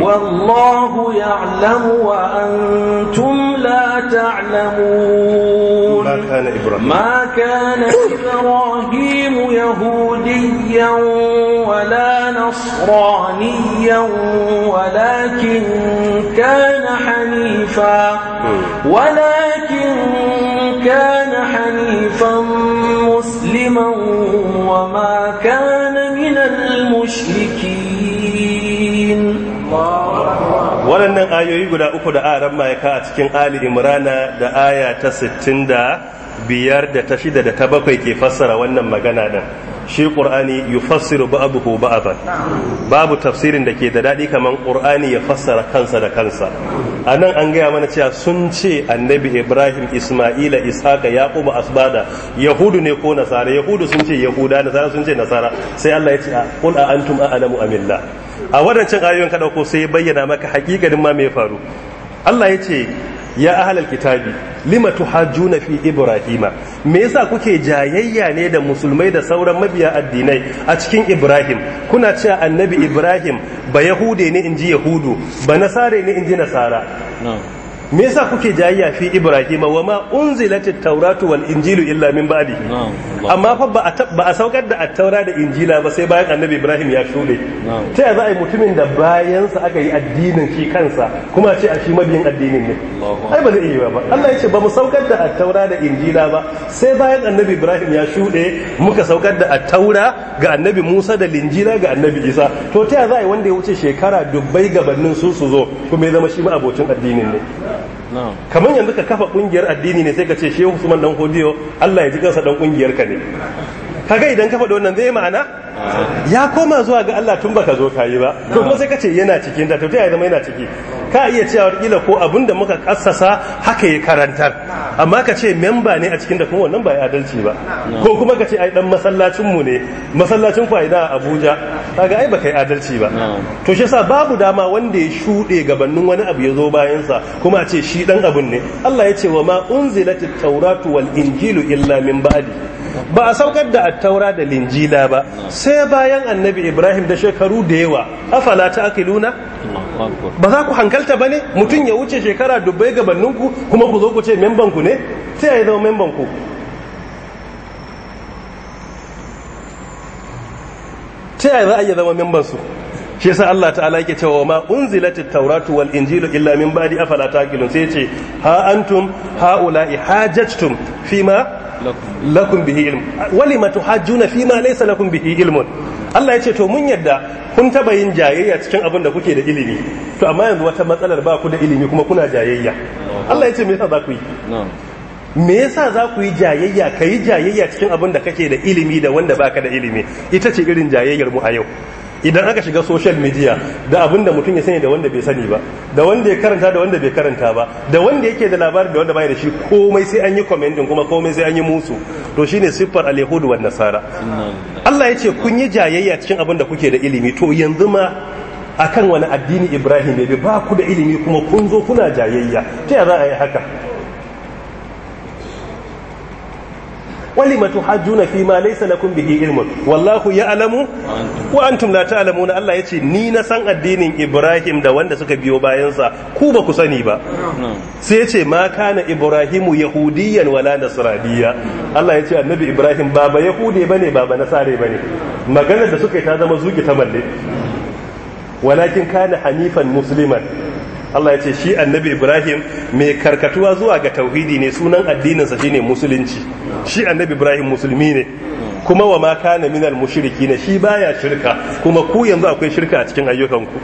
والله يعلم وأنتم لا تعلمون ما كان إبراهيم, ما كان إبراهيم يهوديا ولا نصرانيا ولكن كان حنيفا ولكن كان حنيفا مسلما وما كان waɗannan ayoyi guda uku da aran mayaka a cikin ali imrana da aya ta 60 da biyar da ta shida da ta bakwai ke fassara wannan magana din shi qur'ani yufassiru ba'dahu ba'dan babu tafsirin da ke da daɗi kamar qur'ani ya fassara kansa da kansa A nan an gaya mana cewa sun ce annabi ibrahim isma'ila ishaqa yaquba asbada yahudu ne ko nasara yahudu sun ce yahuda nasara sun ce nasara sai Allah ya ce a qul a antum a'lamu amillah a waɗancan ayoyin ka sai ya bayyana maka hakikanin ma me faru Allah ya ce ya ahlal kitabi lima tuhajjuna fi ibrahima me yasa kuke jayayya ne da musulmai da sauran mabiya addinai a cikin ibrahim kuna cewa annabi ibrahim ba yahude ne inji yahudu ba nasare ne inji nasara me yasa kuke jayayya fi ibrahima wama unzilat at-tauratu wal injilu illa min ba'di amma fa ba a saukar da at-taura da injila ba sai bayan annabi ibrahim ya shude ta yaza za mutumin da bayan sa aka yi addinin shi kansa kuma ce a shi mabiyin addinin ne ai ba zai yi ba Allah ya ce ba mu saukar da at-taura da injila ba sai bayan annabi ibrahim ya shude muka saukar da at-taura ga annabi musa da linjila ga annabi isa to ta yaza za wanda ya wuce shekara dubbai gabanin su su zo kuma ya zama shi ma abocin addinin ne kamar yanzu ka kafa kungiyar addini ne sai ka ce shehu usman dan hodiyo Allah ya ji kansa dan kungiyar ka ne kaga idan ka faɗi wannan zai ma'ana ya koma zuwa ga Allah tun baka zo kayi ba to kuma sai ka yana ciki da to ya zama yana ciki ka iya cewa kila ko abin da muka kassasa haka ya karantar amma ka ce memba ne a cikin da kuma wannan ba ya adalci ba ko kuma ka ce ai dan masallacin mu ne masallacin fa'ida a Abuja kaga ai baka yi adalci ba to shi yasa babu dama wanda ya shuɗe gabanin wani abu ya zo bayan sa kuma a ce shi dan abun ne Allah ya ce wa ma unzilatit tawratu wal injilu illa min ba'di ba a saukar da attaura da linjila ba sai bayan annabi ibrahim da shekaru da yawa afala ta akiluna ba za ku hankalta ba ne mutum ya wuce shekara dubbai gabaninku kuma ku zo ku ce membanku ne sai ya yi zama membanku sai ya za a iya zama membansu shi yasa Allah ta'ala yake cewa ma unzilatit tauratu wal injilu illa min ba'di afala taqilun sai ce ha antum haula'i hajajtum fima lakum bihi ilm hajju tuhajjuna fi ma laysa lakum bihi ilmun Allah ya to mun yadda kun taba yin jayayya cikin abin da kuke da ilimi to amma yanzu wata matsalar ba ku da ilimi kuma kuna jayayya Allah ya ce me yasa za ku yi me yasa za ku yi jayayya ka jayayya cikin abin da kake da ilimi da wanda baka da ilimi ita ce irin jayayyar mu a yau idan aka shiga social media da abin da mutum ya sani da wanda bai sani ba da wanda ya karanta da wanda bai karanta ba da wanda yake da labarin da wanda bai da shi komai sai an yi commenting kuma komai sai an yi musu to shine siffar alyahudu wa nasara Allah ya ce kun yi jayayya cikin abin da kuke da ilimi to yanzu ma akan wani addini Ibrahim ya bi ba ku da ilimi kuma kun zo kuna jayayya ta za a yi haka walima tuhajjuna fi ma laysa lakum bihi ilmun wallahu ya'lamu wa antum la ta'lamun Allah yace ni na san addinin Ibrahim da wanda suka biyo bayan sa ku ba ku sani ba sai yace ma kana Ibrahimu yahudiyan wala nasraniya Allah yace annabi Ibrahim baba yahudi bane baba nasare bane maganar da suka yi ta zama zuki ta balle walakin kana hanifan musliman Allah ya ce shi annabi Ibrahim mai karkatuwa zuwa ga tauhidi ne sunan addininsa shine musulunci shi annabi Ibrahim musulmi ne kuma wa ma kana minal ne shi baya shirka kuma ku yanzu akwai shirka a cikin ayyukanku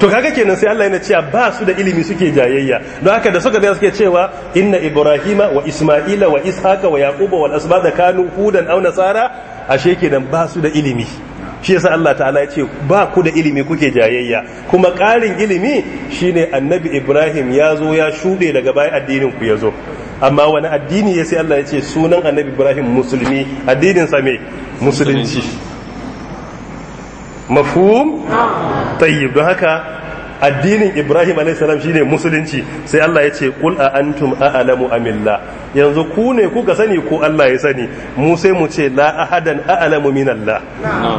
to kaga kenan sai Allah yana cewa ba su da ilimi suke jayayya don haka da suka da suke cewa inna ibrahima wa isma'ila wa ishaqa wa yaquba wal asbada kanu hudan aw nasara ashe kenan ba su da ilimi shi yasa Allah ta'ala ya ce ba ku da ilimi kuke jayayya kuma ƙarin ilimi shine annabi Ibrahim ya zo ya shuɗe daga bayan addinin ku ya zo amma wani addini ya sai Allah ya ce sunan annabi Ibrahim musulmi addinin sa me musulunci mafhum tayyib don haka addinin ibrahim a.s. shi ne musulunci sai allah ya ce kul a antum a'lamu amilla yanzu ku ne kuka sani ko allah ya sani mu sai mu ce la ahadan a'lamu min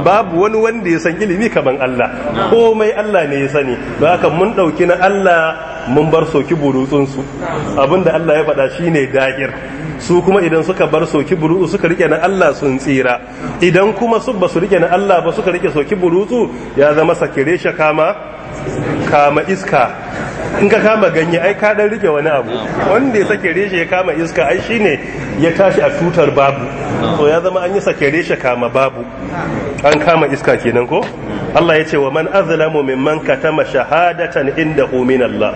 babu wani wanda ya san ilimi kaman allah komai allah ne ya sani ba haka mun dauki na allah mun bar soki burutsunsu. abin da allah ya faɗa shine dahir su kuma idan suka bar soki burutsu suka rike na Allah sun tsira idan kuma su ba su rike na Allah ba suka rike soki burutsu ya zama sakire shakama kama iska in ka kama ganye ai ka dan rike wani abu wanda ya sake reshe ya kama iska ai shine ya tashi a tutar babu to ya zama an yi sake reshe kama babu an kama iska kenan ko Allah ya ce wa man azlamu mimman katama shahadatan inda min Allah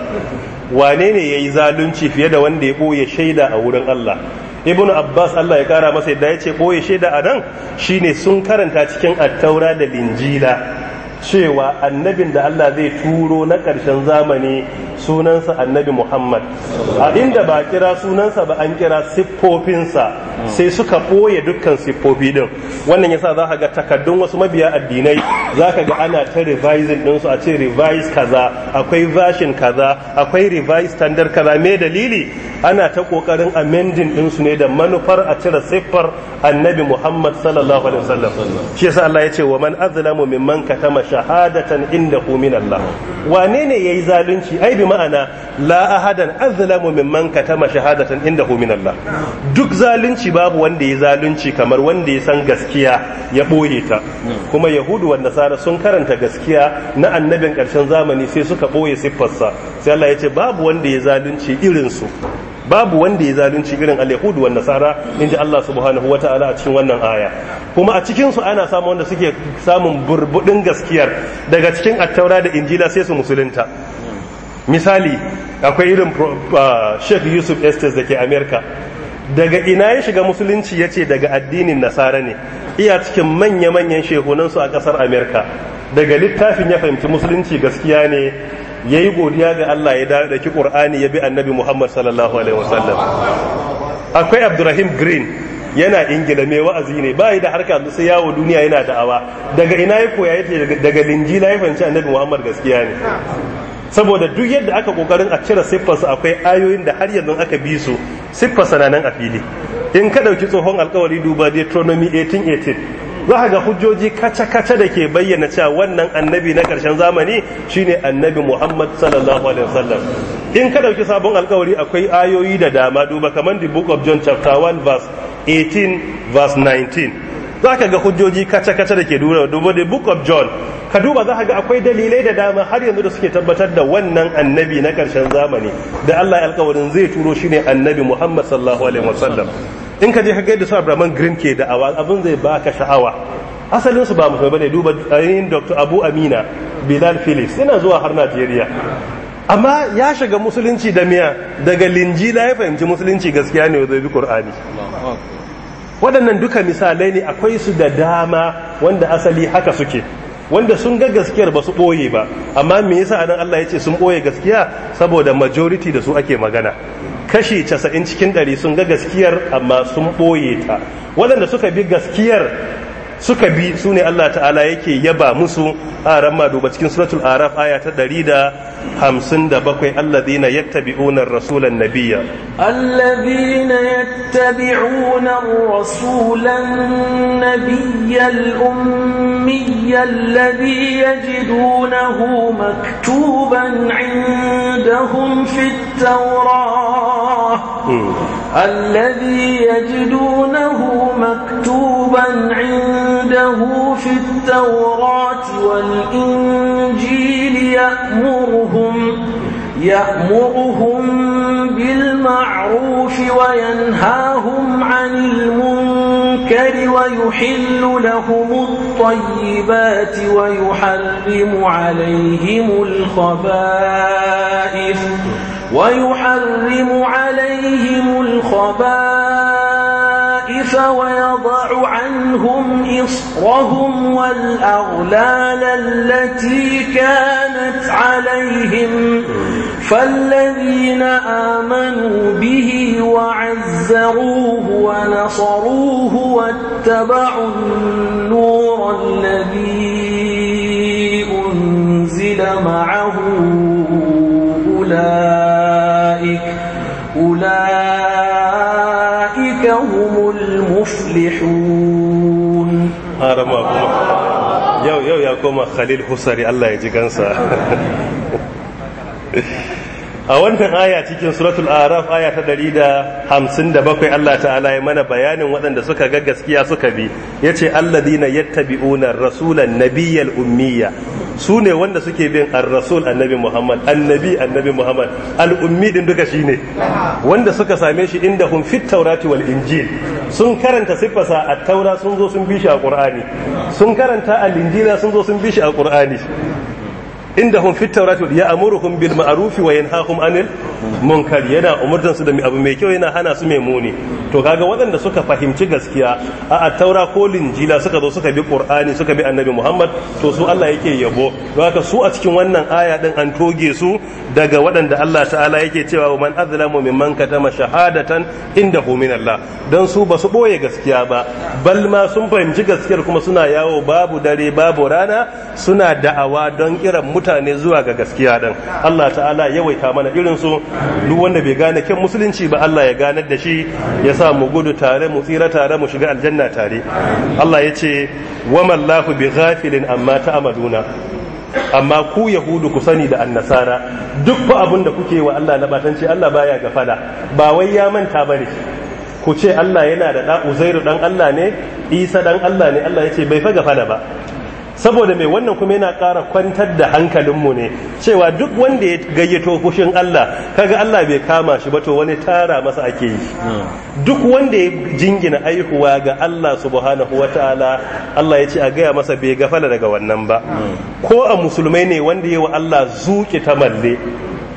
wane ne yayi zalunci fiye da wanda ya boye shaida a wurin Allah ibn abbas allah ya kara masa yadda ya ce boye shaida a nan shine sun karanta cikin attaura da linjila cewa annabin da Allah zai turo na ƙarshen zamani sunansa annabi Muhammad a inda ba kira sunansa ba an kira siffofinsa sai suka ɓoye dukkan siffofi din wannan yasa za ka ga takardun wasu mabiya addinai za ka ga ana ta revising ɗinsu a ce revise kaza akwai version kaza akwai revise standard kaza me dalili ana ta ƙoƙarin amending ɗinsu ne da manufar a cire siffar annabi Muhammad sallallahu alaihi wasallam shi yasa Allah ya ce wa man azlamu mimman katama shahadatan ku min Allah wane ne yayi zalunci ai bi ma'ana la ahadan azlamu mimman katama shahadatan ku min Allah duk zalunci babu wanda yayi zalunci kamar wanda ya san gaskiya ya boye ta kuma yahudu wa sara sun karanta gaskiya na annabin karshen zamani sai suka boye siffarsa sai Allah ya ce babu wanda ya zalunci irin su babu wanda ya zalunci irin al-yahudu wan nasara ji Allah subhanahu Ta'ala a cikin wannan aya kuma a cikin su ana samun wanda suke samun burbudin gaskiyar daga cikin attaura da injila sai su musulunta misali akwai irin uh, Sheikh Yusuf Estes da ke America daga ina ya shiga musulunci ya ce daga addinin nasara ne iya cikin manya-manyan shehunansu a ƙasar amerika daga littafin ya fahimci musulunci gaskiya ne yayi godiya ga Allah ya dawo da ki Qur'ani ya bi Annabi Muhammad sallallahu alaihi wasallam akwai Abdurrahim Green yana ingila mai wa'azi ne ba da harka sai yawo duniya yana da'awa daga ina ya koya yake daga Linji ya fahimci annabi muhammad gaskiya ne saboda duk yadda aka kokarin a cire siffarsa akwai ayoyin da har yanzu aka bi su siffarsa na nan a fili in ka ɗauki tsohon alkawari duba deuteronomy 1818 za ka ga hujjoji kaca-kaca da ke bayyana cewa wannan annabi na karshen zamani shine annabi muhammad sallallahu alaihi wasallam in ka ɗauki sabon alkawari akwai ayoyi da dama duba kamar the book of john chapter 1 verse 18 verse 19 za ka ga hujjoji kace-kace da ke dura duba the book of john ka duba za ka ga akwai dalilai da dama har yanzu da suke tabbatar da wannan annabi na karshen zamani da allah alkawarin zai turo shine annabi muhammad sallallahu alaihi wasallam in ka je ka gaida su abraman green ke da awa abin zai baka sha'awa asalin su ba musu bane duba ayin dr abu amina bilal phillips yana zuwa har najeriya amma ya shiga musulunci da miya daga la ya fahimci musulunci gaskiya ne zai bi qur'ani waɗannan duka misalai ne akwai su da dama wanda asali haka suke wanda sun ga gaskiyar ba su ɓoye ba amma me yasa anan Allah ya ce sun ɓoye gaskiya saboda majority da su ake magana kashi casa'in cikin ɗari sun ga gaskiyar amma sun ɓoye ta waɗanda suka bi gaskiyar suka bi su ne Allah ta'ala yake yaba musu a ma duba cikin suratul araf aya ta 157 alladhina yattabi'una ar an nabiyya alladhina yattabi'una ar an nabiyya al-ummiyya alladhi yajidunahu maktuban 'indahum fit tawrah الذي يجدونه مكتوبا عند عنده في التوراة والإنجيل يأمرهم يأمرهم بالمعروف وينهاهم عن المنكر ويحل لهم الطيبات ويحرم عليهم الخبائث ويحرم عليهم الخبائث ويضع عنهم إصرهم والأغلال التي كانت عليهم فالذين آمنوا به وعزروه ونصروه واتبعوا النور الذي أنزل معه koma khalil husari Allah ya ji gansa a wannan aya cikin suratul araf aya ta da da hamsin bakwai Allah ta'ala ya mana bayanin waɗanda suka ga gaskiya suka bi ya ce yace alladina yattabi'una rasulan nabiyyal ummiya su ne wanda suke bin ar-rasul annabi muhammad annabi annabi muhammad al-ummi din duka shine wanda suka same shi inda hum fit taurati wal injil sun karanta sifasa a taura sun zo sun bi shi a qur'ani sun karanta al-injila sun zo sun bi shi a qur'ani inda hum fit taurati ya bil ma'ruf wa yanhahum anil munkari yana umurtan su da abu mai kyau yana hana su mai muni to kaga waɗanda suka fahimci gaskiya a taura ko linjila suka zo suka bi qur'ani suka bi annabi muhammad to su allah yake yabo don haka su a cikin wannan aya din an toge su daga waɗanda allah ta'ala yake cewa man azlamu mimman katama shahadatan hu min allah dan su ba su boye gaskiya ba bal ma sun fahimci gaskiyar kuma suna yawo babu dare babu rana suna da'awa don kiran mutane zuwa ga gaskiya din allah ta'ala yawaita mana irin su duk wanda bai gane kyan musulunci ba Allah ya ganar da shi ya sa mu gudu tare mu tsira tare mu shiga aljanna tare Allah ya ce wa mallahu bi ghafilin amma ta'maluna amma ku yahudu ku sani da annasara duk fa abun da kuke wa Allah na batanci Allah baya gafala ba wai ya manta bane ku ce Allah yana da da Uzairu dan Allah ne Isa dan Allah ne Allah ya ce bai fa gafala ba saboda mai wannan kuma yana kara kwantar da hankalinmu ne cewa duk wanda ya gayyato fushin Allah kaga Allah bai kama shi ba to wani tara masa ake yi duk wanda ya jingina aihuwa ga Allah subhanahu wataala Allah ya ce a gaya masa bai gafala daga wannan ba ko a musulmai ne wanda ya wa Allah zuki ta malle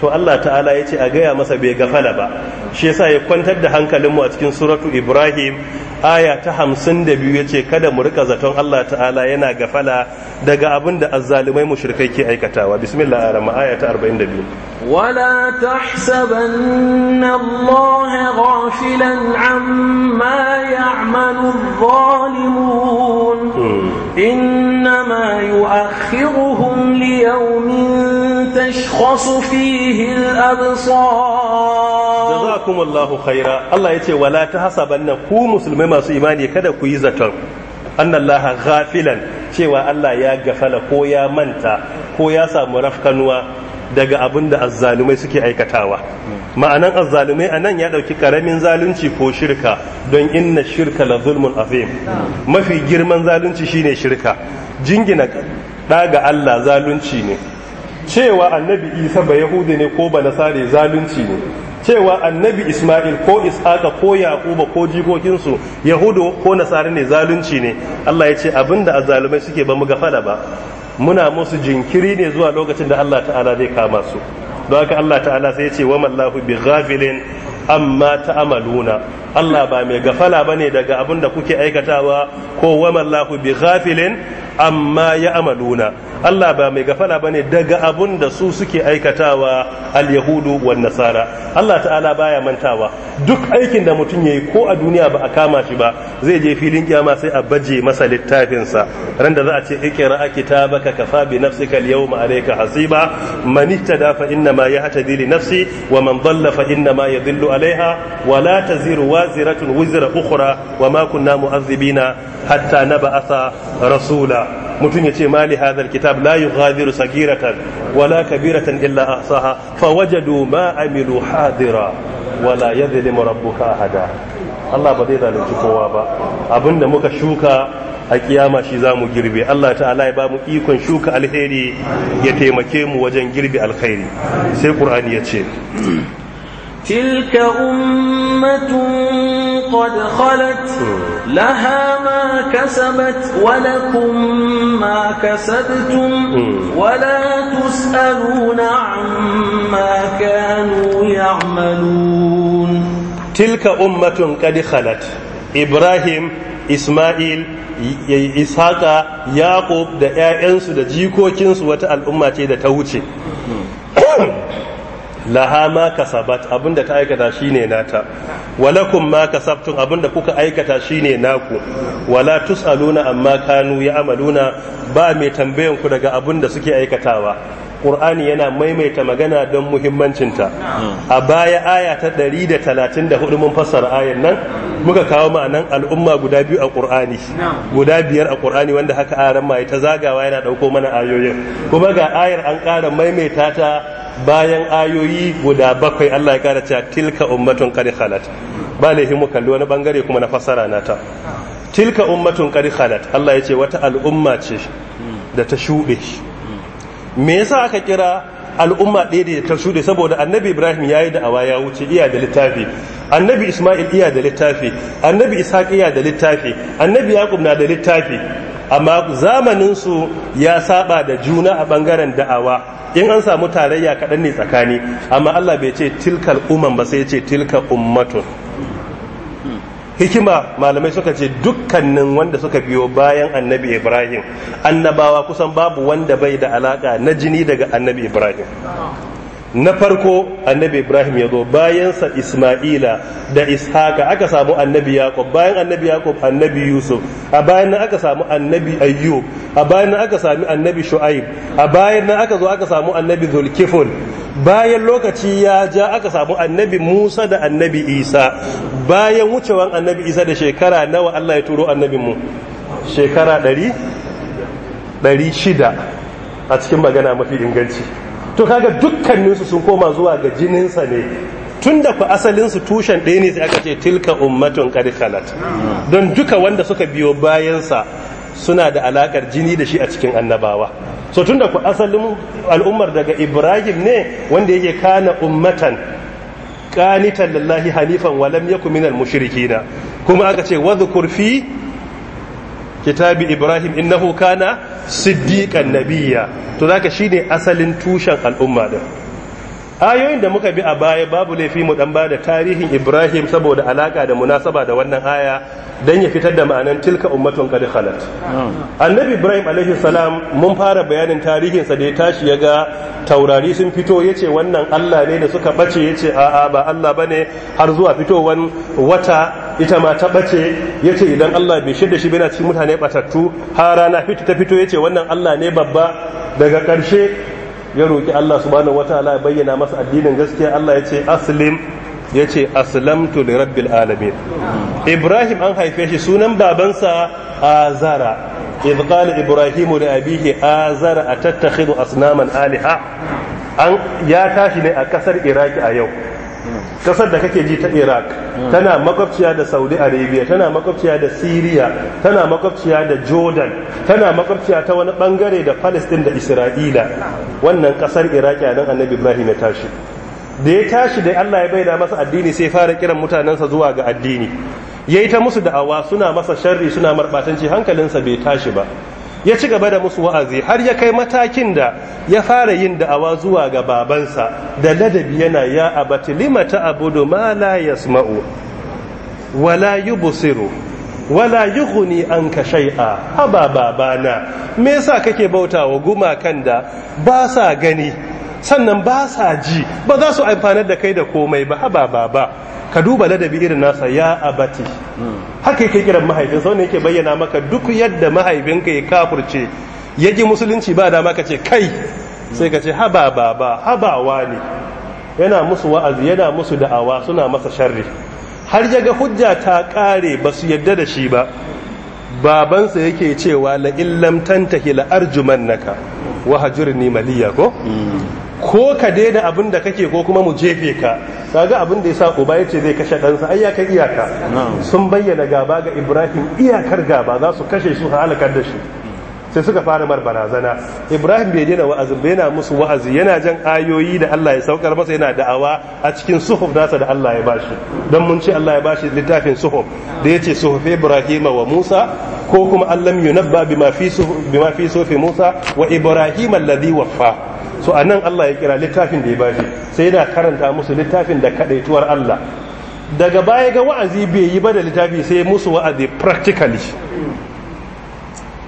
to Allah ta'ala ya ce a gaya masa bai gafala ba shi yasa ya kwantar da hankalinmu a cikin suratu Ibrahim aya ta hamsin da biyu ya ce kada mu rika zaton Allah ta'ala yana gafala daga abin da azzalumai mushrikai ke aikatawa bismillah arama aya ta 42 wala tahsabanna Allah ghafilan amma ya'malu adh-dhalimun hmm. innama yu'akhiruhum li yawmin tashkhasu fihi al-absar jazakumullahu khaira Allah ya ce wala ta tahsabanna ku musulmai masu imani kada ku yi zaton annallaha ghafilan cewa Allah ya gafala ko ya manta ko ya samu rafkanuwa daga abin da azzalumai suke aikatawa ma'anan azzalumai anan ya dauki karamin zalunci ko shirka don inna shirka la zulmun azim mafi girman zalunci shine shirka jingina ɗaga Allah zalunci ne cewa annabi Isa ba yahudi ne ko ba nasare zalunci ne cewa annabi isma'il ko is'aka ko yaquba ko jikokinsu yahudu ko nasara ne zalunci ne allah ya ce abinda azzalumai suke ba mu fada ba muna musu jinkiri ne zuwa lokacin da allah ta'ala zai kama su don haka allah ta'ala sai ya ce wa mallahu bi ghafilin amma ta'amaluna Allah ba mai gafala bane daga abinda kuke aikatawa ko wa mallahu bi ghafilin amma ya amaluna Allah ba mai gafala bane daga abun da su suke aikatawa al-yahudu wan nasara Allah ta'ala baya mantawa duk aikin da mutum yayi ko a duniya ba a kama shi ba zai je filin kiyama sai a baje masa littafin sa ran da za a ce ikra kitabaka kafa bi nafsika al-yawma alayka hasiba man ihtada fa inna ma yahtadi li nafsi wa man dhalla fa inna ma yadhillu alayha wa la taziru waziratun wizra ukhra wa ma kunna na hatta nab'atha rasula mutum ya ce mali hadar kitab la yughadiru sagiratan wala kabiratan illa ahsaha fawajadu ma amilu hadira wala yadhlimu murabbuka ahada Allah ba zai zalunci kowa ba abinda muka shuka a kiyama shi za mu girbe Allah ta'ala ya ba mu ikon shuka alheri ya taimake mu wajen girbe alkhairi sai ƙur'ani ya ce تلك أمة قد خلت لها ما كسبت ولكم ما كسبتم ولا تسألون عما كانوا يعملون تلك أمة قد خلت إبراهيم Ismail Ishaka Yaqub da 'ya'yansu da jikokinsu wata al'umma ce da ta wuce laha ma kasabat abinda ta aikata shine nata walakum ma kasabtum abinda kuka aikata shine naku wala tusaluna amma kanu ya'maluna ba mai tambayan ku daga abinda suke aikatawa Qur'ani yana maimaita magana don muhimmancinta a baya aya ta 134 mun fassara ayan nan muka kawo ma'anan al'umma guda biyu a Qur'ani guda biyar a Qur'ani wanda haka aran mai ta zagawa yana dauko mana ayoyin kuma ga ayar an kara maimaita ta bayan ayoyi guda bakwai Allah ya kara cewa tilka ummatun qad khalat ba laifi mu kalli wani bangare kuma na fasara nata tilka ummatun qad khalat Allah ya ce wata al'umma ce da ta shuɗe me yasa aka kira al'umma ɗaya da ta shuɗe saboda annabi ibrahim ya yi da'awa ya wuce iya da littafi annabi isma'il iya da littafi annabi ishaq iya da littafi annabi yaqub na da littafi amma zamaninsu ya saba da juna a bangaren da'awa in an samu tarayya kaɗan ne tsakani amma Allah bai ce tilkal umman ba sai ce tilka ummatun hikima malamai suka ce dukkanin wanda suka biyo bayan annabi ibrahim annabawa kusan babu wanda bai da alaka na jini daga annabi ibrahim na farko annabi ibrahim ya zo bayansa isma'ila da ishaka aka samu annabi yaqub bayan annabi yaqub annabi yusuf a bayan nan aka samu annabi ayyub a bayan nan aka sami annabi shu'aib a bayan nan aka zo aka samu annabi zulkifl bayan lokaci ya ja aka samu annabi musa da annabi isa bayan wucewan annabi isa da shekara nawa allah ya turo annabi mu shekara ɗari shida a cikin magana mafi inganci to kaga dukkaninsu sun koma zuwa ga jininsa ne tun da ku asalinsu tushen ɗaya ne sai aka ce tilka ummatun qad khalat don duka wanda suka biyo bayansa suna da alakar jini da shi a cikin annabawa so tun da ku asalin al'ummar daga ibrahim ne wanda yake kana ummatan qanitan lillahi hanifan walam yaku yakun minal mushrikina kuma aka ce wadhkur fi kitabi ibrahim innahu kana siddiqan nabiyya to zaka shine asalin tushen al'umma din ayoyin da muka bi a baya babu laifi mu dan bada tarihin ibrahim saboda alaka da munasaba da wannan aya dan ya fitar da ma'anan tilka ummatun qad khalat annabi ibrahim alaihi salam mun fara bayanin tarihin sa da ya tashi ya ga taurari sun fito yace wannan Allah ne da suka bace yace a'a ba Allah bane har zuwa fitowan wata ita ma ta bace yace idan Allah bai shirya shi bina cikin mutane batattu har rana fito ta fito yace wannan Allah ne babba daga karshe ya roki Allah subhanahu wataala ya bayyana masa addinin gaskiya Allah yace aslim yace aslamtu li rabbil alamin Ibrahim an haife shi sunan babansa Azara idh qala Ibrahim li abihi Azara atattakhidhu asnaman aliha an ya tashi ne a kasar Iraki a yau kasar da kake ji ta iraq tana makwabciya da saudi arabia tana makwabciya da syria tana makwabciya da jordan tana makwabciya ta wani bangare da palestine da isra'ila wannan kasar iraq a nan annabi ibrahim ya tashi da ya tashi da allah ya da masa addini sai fara kiran mutanensa zuwa ga addini ya yi ta musu da'awa suna masa sharri suna marbatanci hankalinsa bai tashi ba ya ci gaba da musu wa'azi har ya kai matakin da ya fara yin da'awa zuwa ga babansa da ladabi yana ya abati limata abudu ma la yasma'u wala yubsiru wala yughni anka shay'a haba babana me yasa kake bautawa gumakan da ba sa gani sannan ba sa ji ba za su amfanar da kai da komai ba haba baba ka duba ladabi irin nasa ya abati hmm. haka yake kiran mahaifinsa wanda yake bayyana maka duk yadda mahaifinka ya kafurce ya ji musulunci ba dama ka ce kai hmm. sai ka ce haba baba habawa ne yana musu wa'azi yana musu da'awa suna masa sharri har yaga hujja ta kare ba su yadda da shi ba babansa yake cewa la illam tantahi la arjumannaka wa hajurni maliya ko hmm. ko ka daina abin da kake ko kuma mu jefe ka ga abin da yasa uba ce zai kashe ɗansa ai ya kai iyaka sun bayyana gaba ga Ibrahim iyakar gaba za su kashe su halakar da shi sai suka fara mar barazana Ibrahim bai daina wa'azi bai yana musu wa'azi yana jan ayoyi da Allah ya saukar masa yana da'awa a cikin suhuf nasa da Allah ya bashi Don mun ci Allah ya bashi littafin suhuf da yace suhuf Ibrahim wa Musa ko kuma allam yunabba bima fi bima fi suhuf Musa wa Ibrahim alladhi waffa so a nan Allah ya kira littafin da ya bashi sai yana karanta musu littafin da kadaituwar Allah daga baya ga wa'azi bai yi ba da littafi sai musu wa'azi practically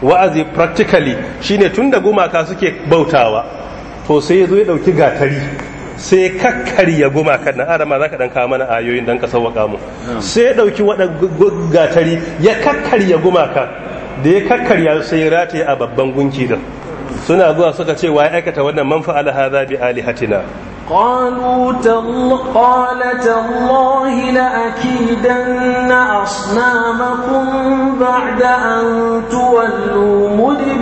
wa'azi practically shine tun da gumaka suke bautawa to sai ya zo ya dauki gatari sai kakkarya gumakan nan adama za ka dan kawo mana ayoyin dan ka sauwaka mu sai ya dauki gatari ya kakkarya gumaka da ya kakkarya sai ya rataye a babban gunki din suna zuwa suka ce wa ya aikata wannan man fa'ala hadha bi alihatina قالوا تالله قال تالله لأكيدن أصنامكم بعد أن تولوا مدبرين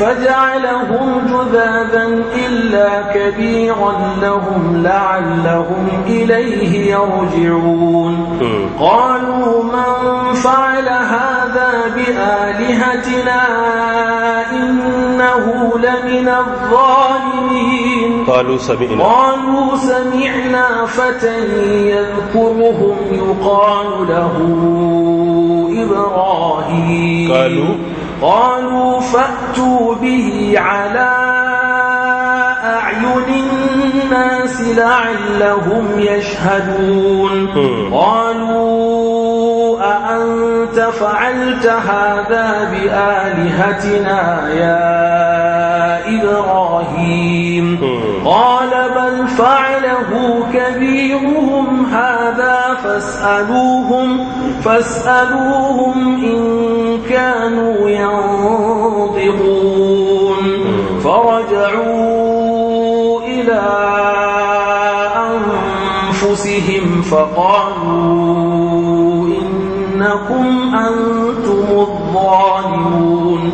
فجعلهم جذابا إلا كبيرا لهم لعلهم إليه يرجعون قالوا من فعل هذا بآلهتنا إنه لمن الظالمين قالوا سمعنا قالوا سمعنا فتى يذكرهم يقال له إبراهيم قالوا قالوا فأتوا به على أعين الناس لعلهم يشهدون قالوا أأنت فعلت هذا بآلهتنا يا إبراهيم قال بل فعله كبيرهم هذا فاسألوهم فاسألوهم إن فقالوا إنكم أنتم الظالمون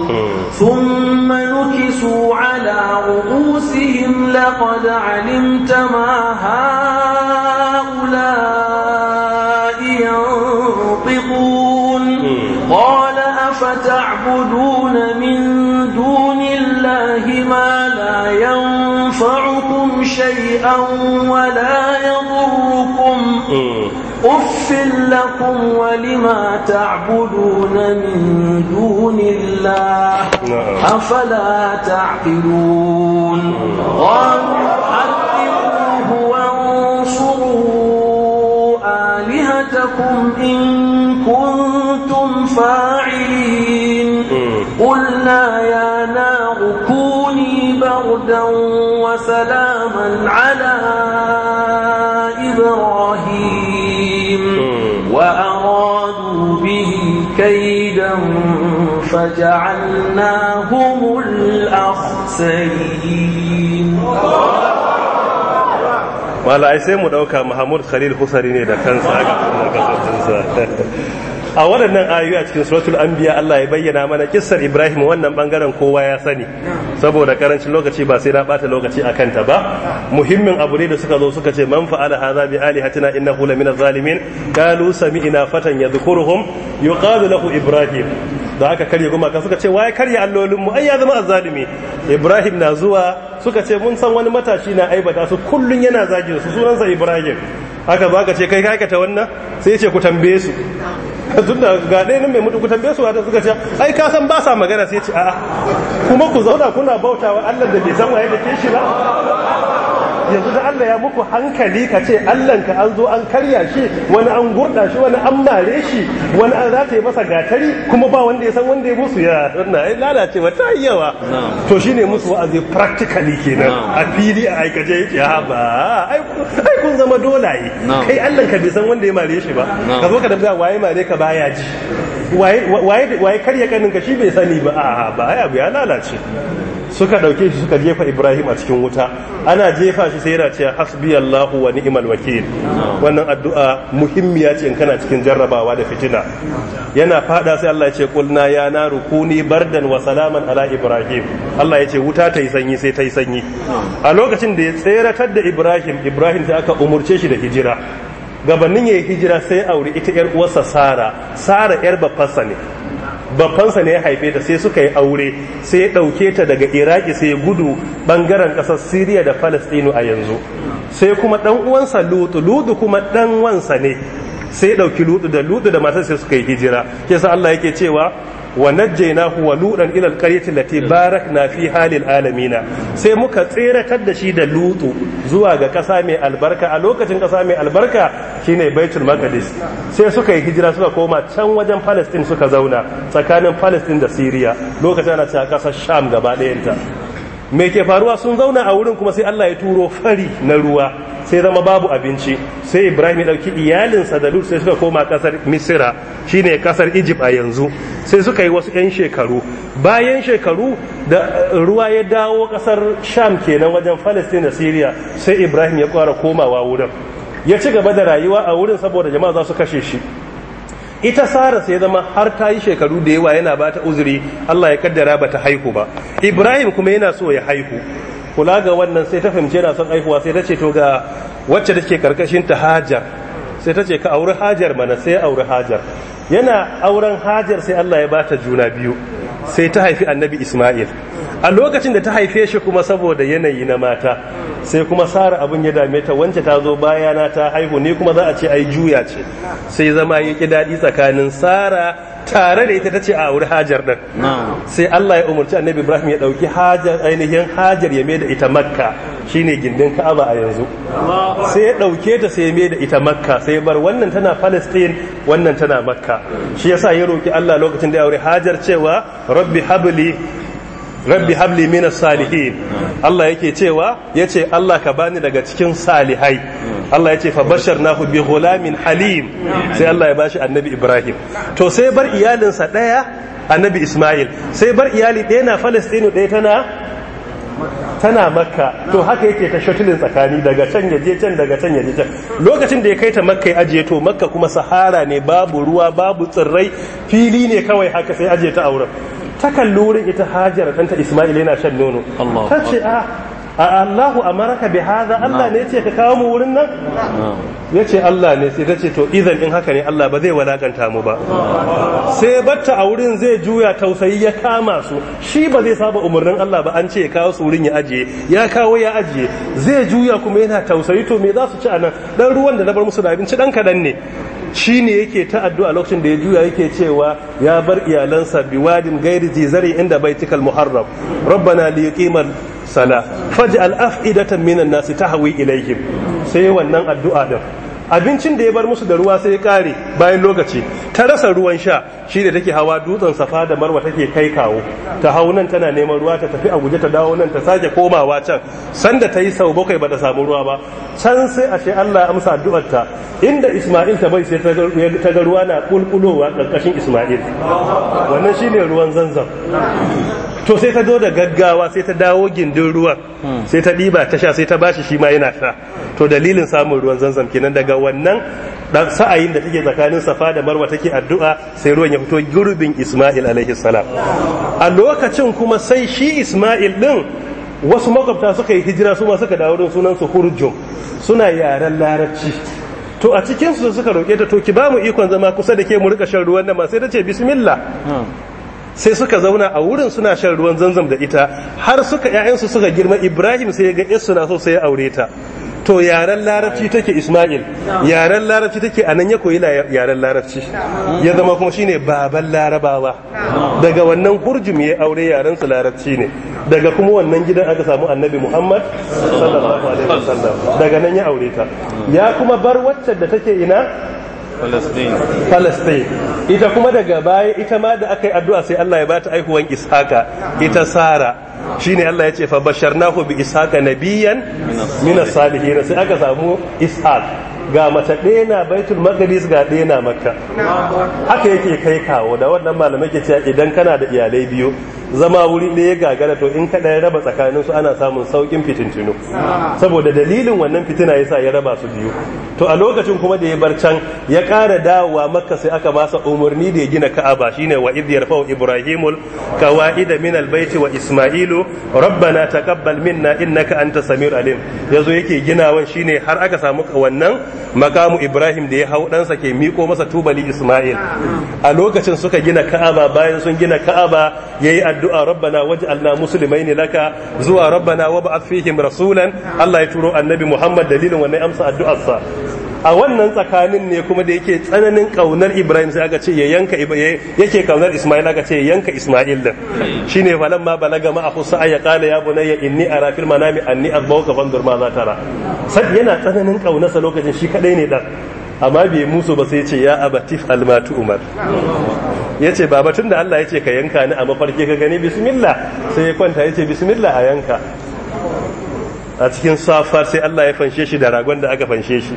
ثم نكسوا على رؤوسهم لقد علمت ما هؤلاء ينطقون قال أفتعبدون من دون الله ما لا ينفعكم شيئا يغفر لكم ولما تعبدون من دون الله نعم. أفلا تعقلون قالوا حذروه وانصروا آلهتكم إن كنتم فاعلين قلنا يا نار كوني بردا وسلاما على فجعلناهم الأخسرين wala ai sai mu ɗauka Muhammad Khalil Husari ne da kansa aka kasance a waɗannan ayoyi a cikin suratul anbiya Allah ya bayyana mana kissar Ibrahim wannan bangaren kowa ya sani saboda karancin lokaci ba sai na bata lokaci a kanta ba muhimmin abu ne da suka zo suka ce man fa'ala hadha bi alihatina innahu lamina zalimin qalu sami'na fatan yadhkuruhum yuqalu lahu Ibrahim da aka karya kan suka ce waye karya allolin mu ai ya zama azzalimi Ibrahim na zuwa suka ce mun san wani matashi na aibata su kullun yana zagin su sunansa Ibrahim haka ba ka ce kai ka aikata wannan sai ya ce ku tambaye su tun da ga ɗaya mai mutu ku tambaye wata suka ce ai ka san ba sa magana sai ce a'a kuma ku zauna kuna bautawa Allah da bai san waye da ke shi ba yanzu da Allah ya muku hankali ka ce Allahnka an zo an karya shi wani an gurɗa shi wani an mare shi wani an za ta yi masa gatari kuma ba wanda ya san wanda ya musu ya na lalacewa ta yi yawa to shine musu wa'azi practically kenan a fili a aikace yake ha ba ai kun zama dolaye kai Allahnka bai san wanda ya mare shi ba ka zo ka dabda waye mare ka baya ji waye karya ka shi bai sani ba a ba ya lalace suka ɗauke shi suka jefa ibrahim a cikin wuta ana jefa shi sai yana cewa hasbi allahu wa ni'mal wakil wannan addu'a muhimmiya ce in kana cikin jarrabawa da fitina yana fada sai allah ya ce kulna ya na rukuni bardan wa salaman ala ibrahim allah ya ce wuta ta yi sanyi sai ta yi sanyi a lokacin da ya tseratar da ibrahim ibrahim sai aka umurce shi da hijira gabanin ya yi hijira sai auri ita yar uwarsa sara sara yar bafarsa ne babbansa ne ya haife ta sai suka yi aure sai ya ɗauke ta daga iraki sai gudu ɓangaren ƙasar siriya da falastinu a yanzu sai kuma ɗan uwansa lutu lutu kuma ɗan wansa ne sai ɗauki lutu da lutu da matar sai suka yi hijira ke Allah yake cewa wa najjaynahu wa ludan ila alqaryati allati mm. barakna fi halin alamina sai muka tseratar da shi da lutu zuwa ga kasa mai albarka a lokacin kasa mai albarka shine baitul maqdis sai suka yi hijira suka koma can wajen palestine suka zauna tsakanin palestine da syria lokacin ana cewa kasar sham gaba ɗayanta mai ke faruwa sun zauna a wurin kuma sai Allah ya turo fari na ruwa sai zama babu abinci sai Ibrahim ya ɗauki iyalinsa da Lut sai suka koma ƙasar Misira shine ƙasar Egypt a yanzu sai suka yi wasu 'yan shekaru bayan shekaru da eh, ruwa ya dawo ƙasar Sham kenan wajen Palestine da Syria sai Ibrahim ya kwara komawa wurin ya ci gaba da rayuwa a wurin saboda jama'a za su kashe shi ita sara sai zama har ta yi shekaru da yawa yana ba ta uzuri Allah ya kaddara ba ta haihu ba ibrahim kuma yana so ya haihu kula ga wannan sai ta fahimci yana son haihuwa sai ta ce to ga wacce take karkashin ta hajar sai ta ce ka auri hajar mana sai auri hajar yana auren hajar sai Allah ya ba ta juna biyu sai ta haifi annabi isma'il a lokacin da ta haife shi kuma saboda yanayi na mata sai kuma sara abin ya dame ta wance ta zo bayana ta haihu ne kuma za a ce ai juya ce sai zama ya ƙi daɗi tsakanin sara tare da ita ta ce a wuri hajar ɗin sai allah ya umarci annabi ibrahim ya ɗauki hajar ainihin hajar ya mai da ita makka shine gindin ka'aba a yanzu sai ya ɗauke ta sai ya da ita makka sai bar wannan tana palestine wannan tana makka shi yasa ya roƙi allah lokacin da ya wuri hajar cewa rabbi habli rabbi habli mina salihin Allah yake cewa yace Allah ka bani daga cikin salihai Allah yace fa basharnahu bi ghulamin halim sai Allah ya bashi annabi Ibrahim to sai bar iyalinsa daya annabi Ismail sai bar iyali daya na Palestine daya tana tana makka to haka yake ta shutulin tsakani daga can ya je can daga can ya je can lokacin da ya kai ta makka ya ajiye to makka kuma sahara ne babu ruwa babu tsirrai fili ne kawai haka sai ajiye ta auren ta wurin ita hajiyar ɗanta ismail yana shan nono ta ce ah, a Allahu amaraka bi haza Allah ne ce ka kawo mu wurin nan ya ce Allah ne sai ta ce to idan in haka ne Allah ba zai walakanta mu ba sai batta a wurin zai juya tausayi ya kama su shi ba zai saba umarnin Allah ba an ce ya kawo su wurin ya ajiye ya kawo ya ajiye zai juya kuma yana tausayi to me za su ci a nan Ɗan ruwan da na bar musu da abinci dan kaɗan ne shi ne yake ta addu'a lokacin da ya juya yake cewa ya bar iyalansa biwadin gairi jizari inda bai cikal muharram rabbana li yuqimar sala faj'al af'idatan minan nasi tahwi ilaihim sai wannan addu'a din abincin da ya bar musu da ruwa sai ya kare bayan lokaci ta rasa ruwan sha shi da take hawa dutsen safa da marwa take kai kawo ta hau nan tana neman ruwa ta tafi a guje ta dawo nan ta sake komawa can sanda ta yi sau bakwai ba ta samu ruwa ba can sai a shi Allah amsa addu'ar ta inda Isma'il ta bai sai ta ga ruwa na kulkulowa ƙarƙashin Isma'il wannan shine ruwan zanzan to sai ta zo da gaggawa sai ta dawo gindin ruwan hmm. sai ta ɗiba ta sha sai ta bashi shi ma yana sha to dalilin samun ruwan zanzam kenan daga wannan dan sa'ayin da take tsakanin safa da marwa take addu'a sai ruwan ya fito gurbin isma'il alaihi salam a lokacin kuma sai shi isma'il din wasu makwabta suka yi hijira su ma suka dawo don sunan su hurjum suna yaren larabci to a cikin su suka roke ta to ki ba mu ikon zama kusa da ke mu rika shan ruwan nan ma sai ta ce bismillah hmm. sai suka zauna a wurin suna shan ruwan zanzam da ita har suka ƴaƴansu suka girma ibrahim sai ya ga yesu na so sai ya aure ta to yaren larabci take isma'il yaren larabci take anan ya koyi yaren larabci ya zama kuma shine baban larabawa daga wannan hurjum ya aure yaren su larabci ne daga kuma wannan gidan aka samu annabi muhammad sallallahu alaihi wasallam daga nan ya aure ta ya kuma bar wacce da take ina Palestine ita kuma daga baya ita ma da aka yi addu'a sai Allah ya ba ta aihuwan ishaka ita sara Shi ne Allah ya ce fa basharnahu bi ishaka biyan mina salihin sai aka samu ishaq ga mace ɗaya na baitul maqdis ga ɗaya na makka haka yake kai kawo da wannan malamai ke cewa idan kana da iyalai biyu zama wuri ya gagara to in kaɗa ya raba tsakanin su ana samun saukin fitintinu saboda dalilin wannan fitina yasa ya raba su biyu to a lokacin kuma da ya bar can ya ƙara dawowa maka sai aka masa umarni da ya gina ka'aba shine wa idh yarfa'u ibrahimul qawaida min albaici wa isma'ilu rabbana taqabbal minna innaka anta samir alim zo yake ginawan shine har aka samu wannan makamu ibrahim da ya hau ɗansa ke miko masa tubali isma'il a lokacin suka gina ka'aba bayan sun gina ka'aba yayi addu'a rabbana waj'alna muslimain laka zuwa rabbana wab'ath fihim rasulan Allah ya turo annabi Muhammad dalilin wannan amsa sa a wannan tsakanin ne kuma da yake tsananin kaunar Ibrahim sai aka ce ya yanka yake kaunar Ismail aka ce ya yanka Ismail din shine falan ma balaga ma ahu sa'a ya qala ya bunayya inni ara fil manami anni azbauka fanzur ma za tara sai yana tsananin kaunarsa lokacin shi kadai ne dan amma bai musu ba sai ce ya abatif almatu umar ya ce baba tun da Allah ya ce ka yanka ni a mafarki ka gani bismillah sai ya kwanta ya ce bismillah a yanka a cikin safar sai Allah ya fanshe shi da ragon da aka fanshe shi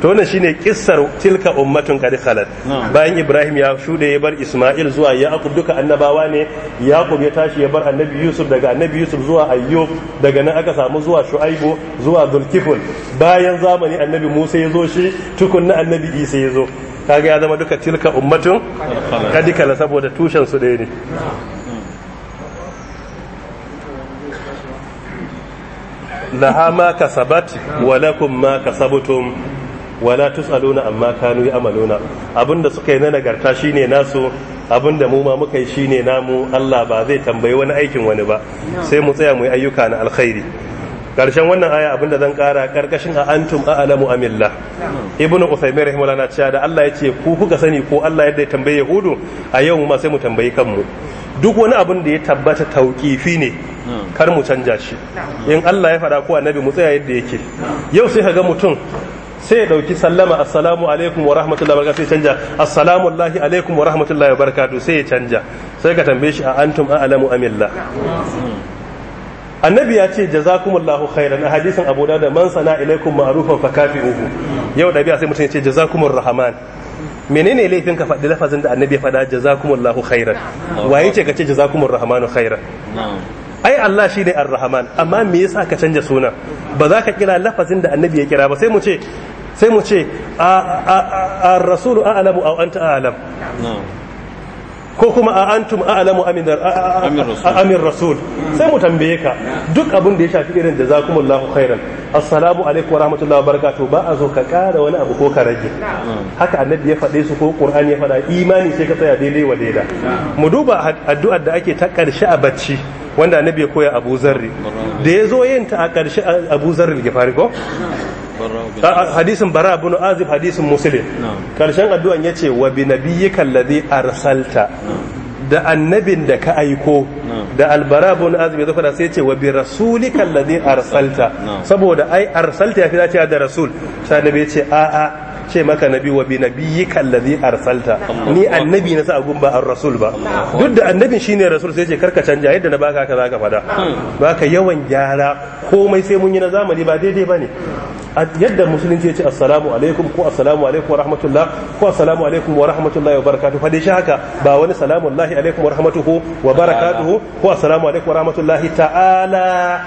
to wannan shine kissar tilka ummatun qad khalat bayan Ibrahim ya shude ya bar Isma'il zuwa Yaqub duka annabawa ne Yaqub ya tashi ya bar Annabi Yusuf daga Annabi Yusuf zuwa Ayyub daga nan aka samu zuwa Shu'aibu zuwa Zulkifl bayan zamani Annabi Musa ya zo shi tukunna Annabi Isa ya zo kaga ya zama duka tilka ummatun qad khalat saboda tushen su ɗaya ne laha ma kasabat wa lakum ma kasabtum wala tusaluna amma kanu ya'maluna abinda suka yi na nagarta shine nasu abinda mu ma muka yi shine namu Allah ba zai tambayi wani aikin wani ba sai mu tsaya mu yi ayyuka na alkhairi karshen wannan aya abinda zan kara karkashin a antum a'lamu amilla ibnu usaymin rahimahullah na cewa da Allah ce ku kuka sani ko Allah yadda ya tambaye yahudu a yau ma sai mu tambayi kanmu duk wani abin da ya tabbata tauƙifi ne hmm. kar mu canja shi hmm. in Allah ya faɗa ko annabi mu tsaya yadda yake yau sai ka ga mutum sai ya ɗauki sallama assalamu alaikum wa rahmatullahi wa barakatuh sai canja assalamu allahi alaikum wa rahmatullahi wa barakatuh sai ya canja sai ka tambaye shi a antum a'lamu amillah hmm. annabi ya ce jazakumullahu khairan a hadisin abu da man sana ilaikum ma'rufan uku yau ɗabi'a sai mutum ya ce jazakumur rahman menene laifin ka faɗi lafazin da annabi ya faɗa jazakumullahu khairan waye ce ka ce jazakumur rahmanu khairan ai Allah shi ne rahman amma me yasa ka canja suna ba za ka kira lafazin da annabi ya kira ba sai mu ce sai mu ce ar-rasulu a'lamu aw anta a'lam ko kuma a antum a'lamu amin rasul sai mu tambaye ka duk abin da ya shafi irin da za jazakumullahu khairan assalamu alaikum wa barakatuh ba a zo ka kara wani abu ko ka rage haka annabi ya faɗe su ko qur'ani ya faɗa imani sai ka tsaya daidai wa daida mu duba addu'ar da ake ta karshe a bacci wanda annabi ya koya Abu Zarri da ya zo yin ta a karshe Abu Zarri gifari ko hadisin bara abu azib hadisin muslim karshen addu'an yace wa bi nabiyyika arsalta da annabin da ka aiko da albara bin azib zafi da sai ce wa bi rasuli allazi arsalta saboda ai arsalta ya yafi dace da rasul Sani bai ce a'a ce maka nabi wa bi arsalta ni annabi na sa a an rasul ba duk da annabin ne rasul sai ce karka canja yadda na baka haka zaka fada hmm. baka yawan gyara komai sai mun yi na zamani ba daidai ne. yadda musulunci ya ce assalamu alaikum ko assalamu alaikum wa rahmatullah ko assalamu alaikum wa rahmatullah wa barakatuhu fadai shi haka ba wani salamu allahi alaikum wa rahmatuhu wa barakatuhu ko assalamu alaikum wa rahmatullahi ta'ala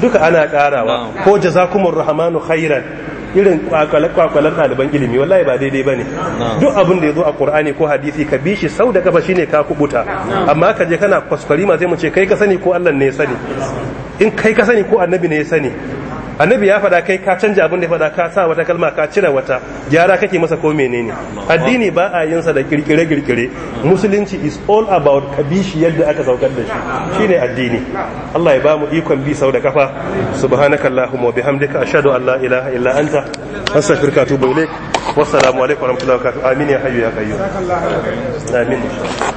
duka ana karawa ko jazakumur rahmanu khairan irin kwakwalar ɗaliban ilimi wallahi ba daidai ba ne duk abin da ya zo a ƙur'ani ko hadisi ka bi shi sau da gaba shine ka kubuta amma ka je kana kwaskwari ma sai mu ce kai ka sani ko allah ne ya sani in kai ka sani ko annabi ne ya sani annabi ya faɗa kai ka canja abin da ya faɗa ka sa wata kalma ka cire wata gyara kake masa ko menene addini ba a yin sa da kirkire kirkire musulunci is all about kabishi yadda aka saukar da shi shine addini Allah ya bamu ikon bi sau da kafa subhanakallahumma wa bihamdika ashhadu an la ilaha illa anta astaghfiruka wa atubu ilaik wassalamu alaikum wa rahmatullahi wa barakatuh amin ya hayyu ya qayyum amin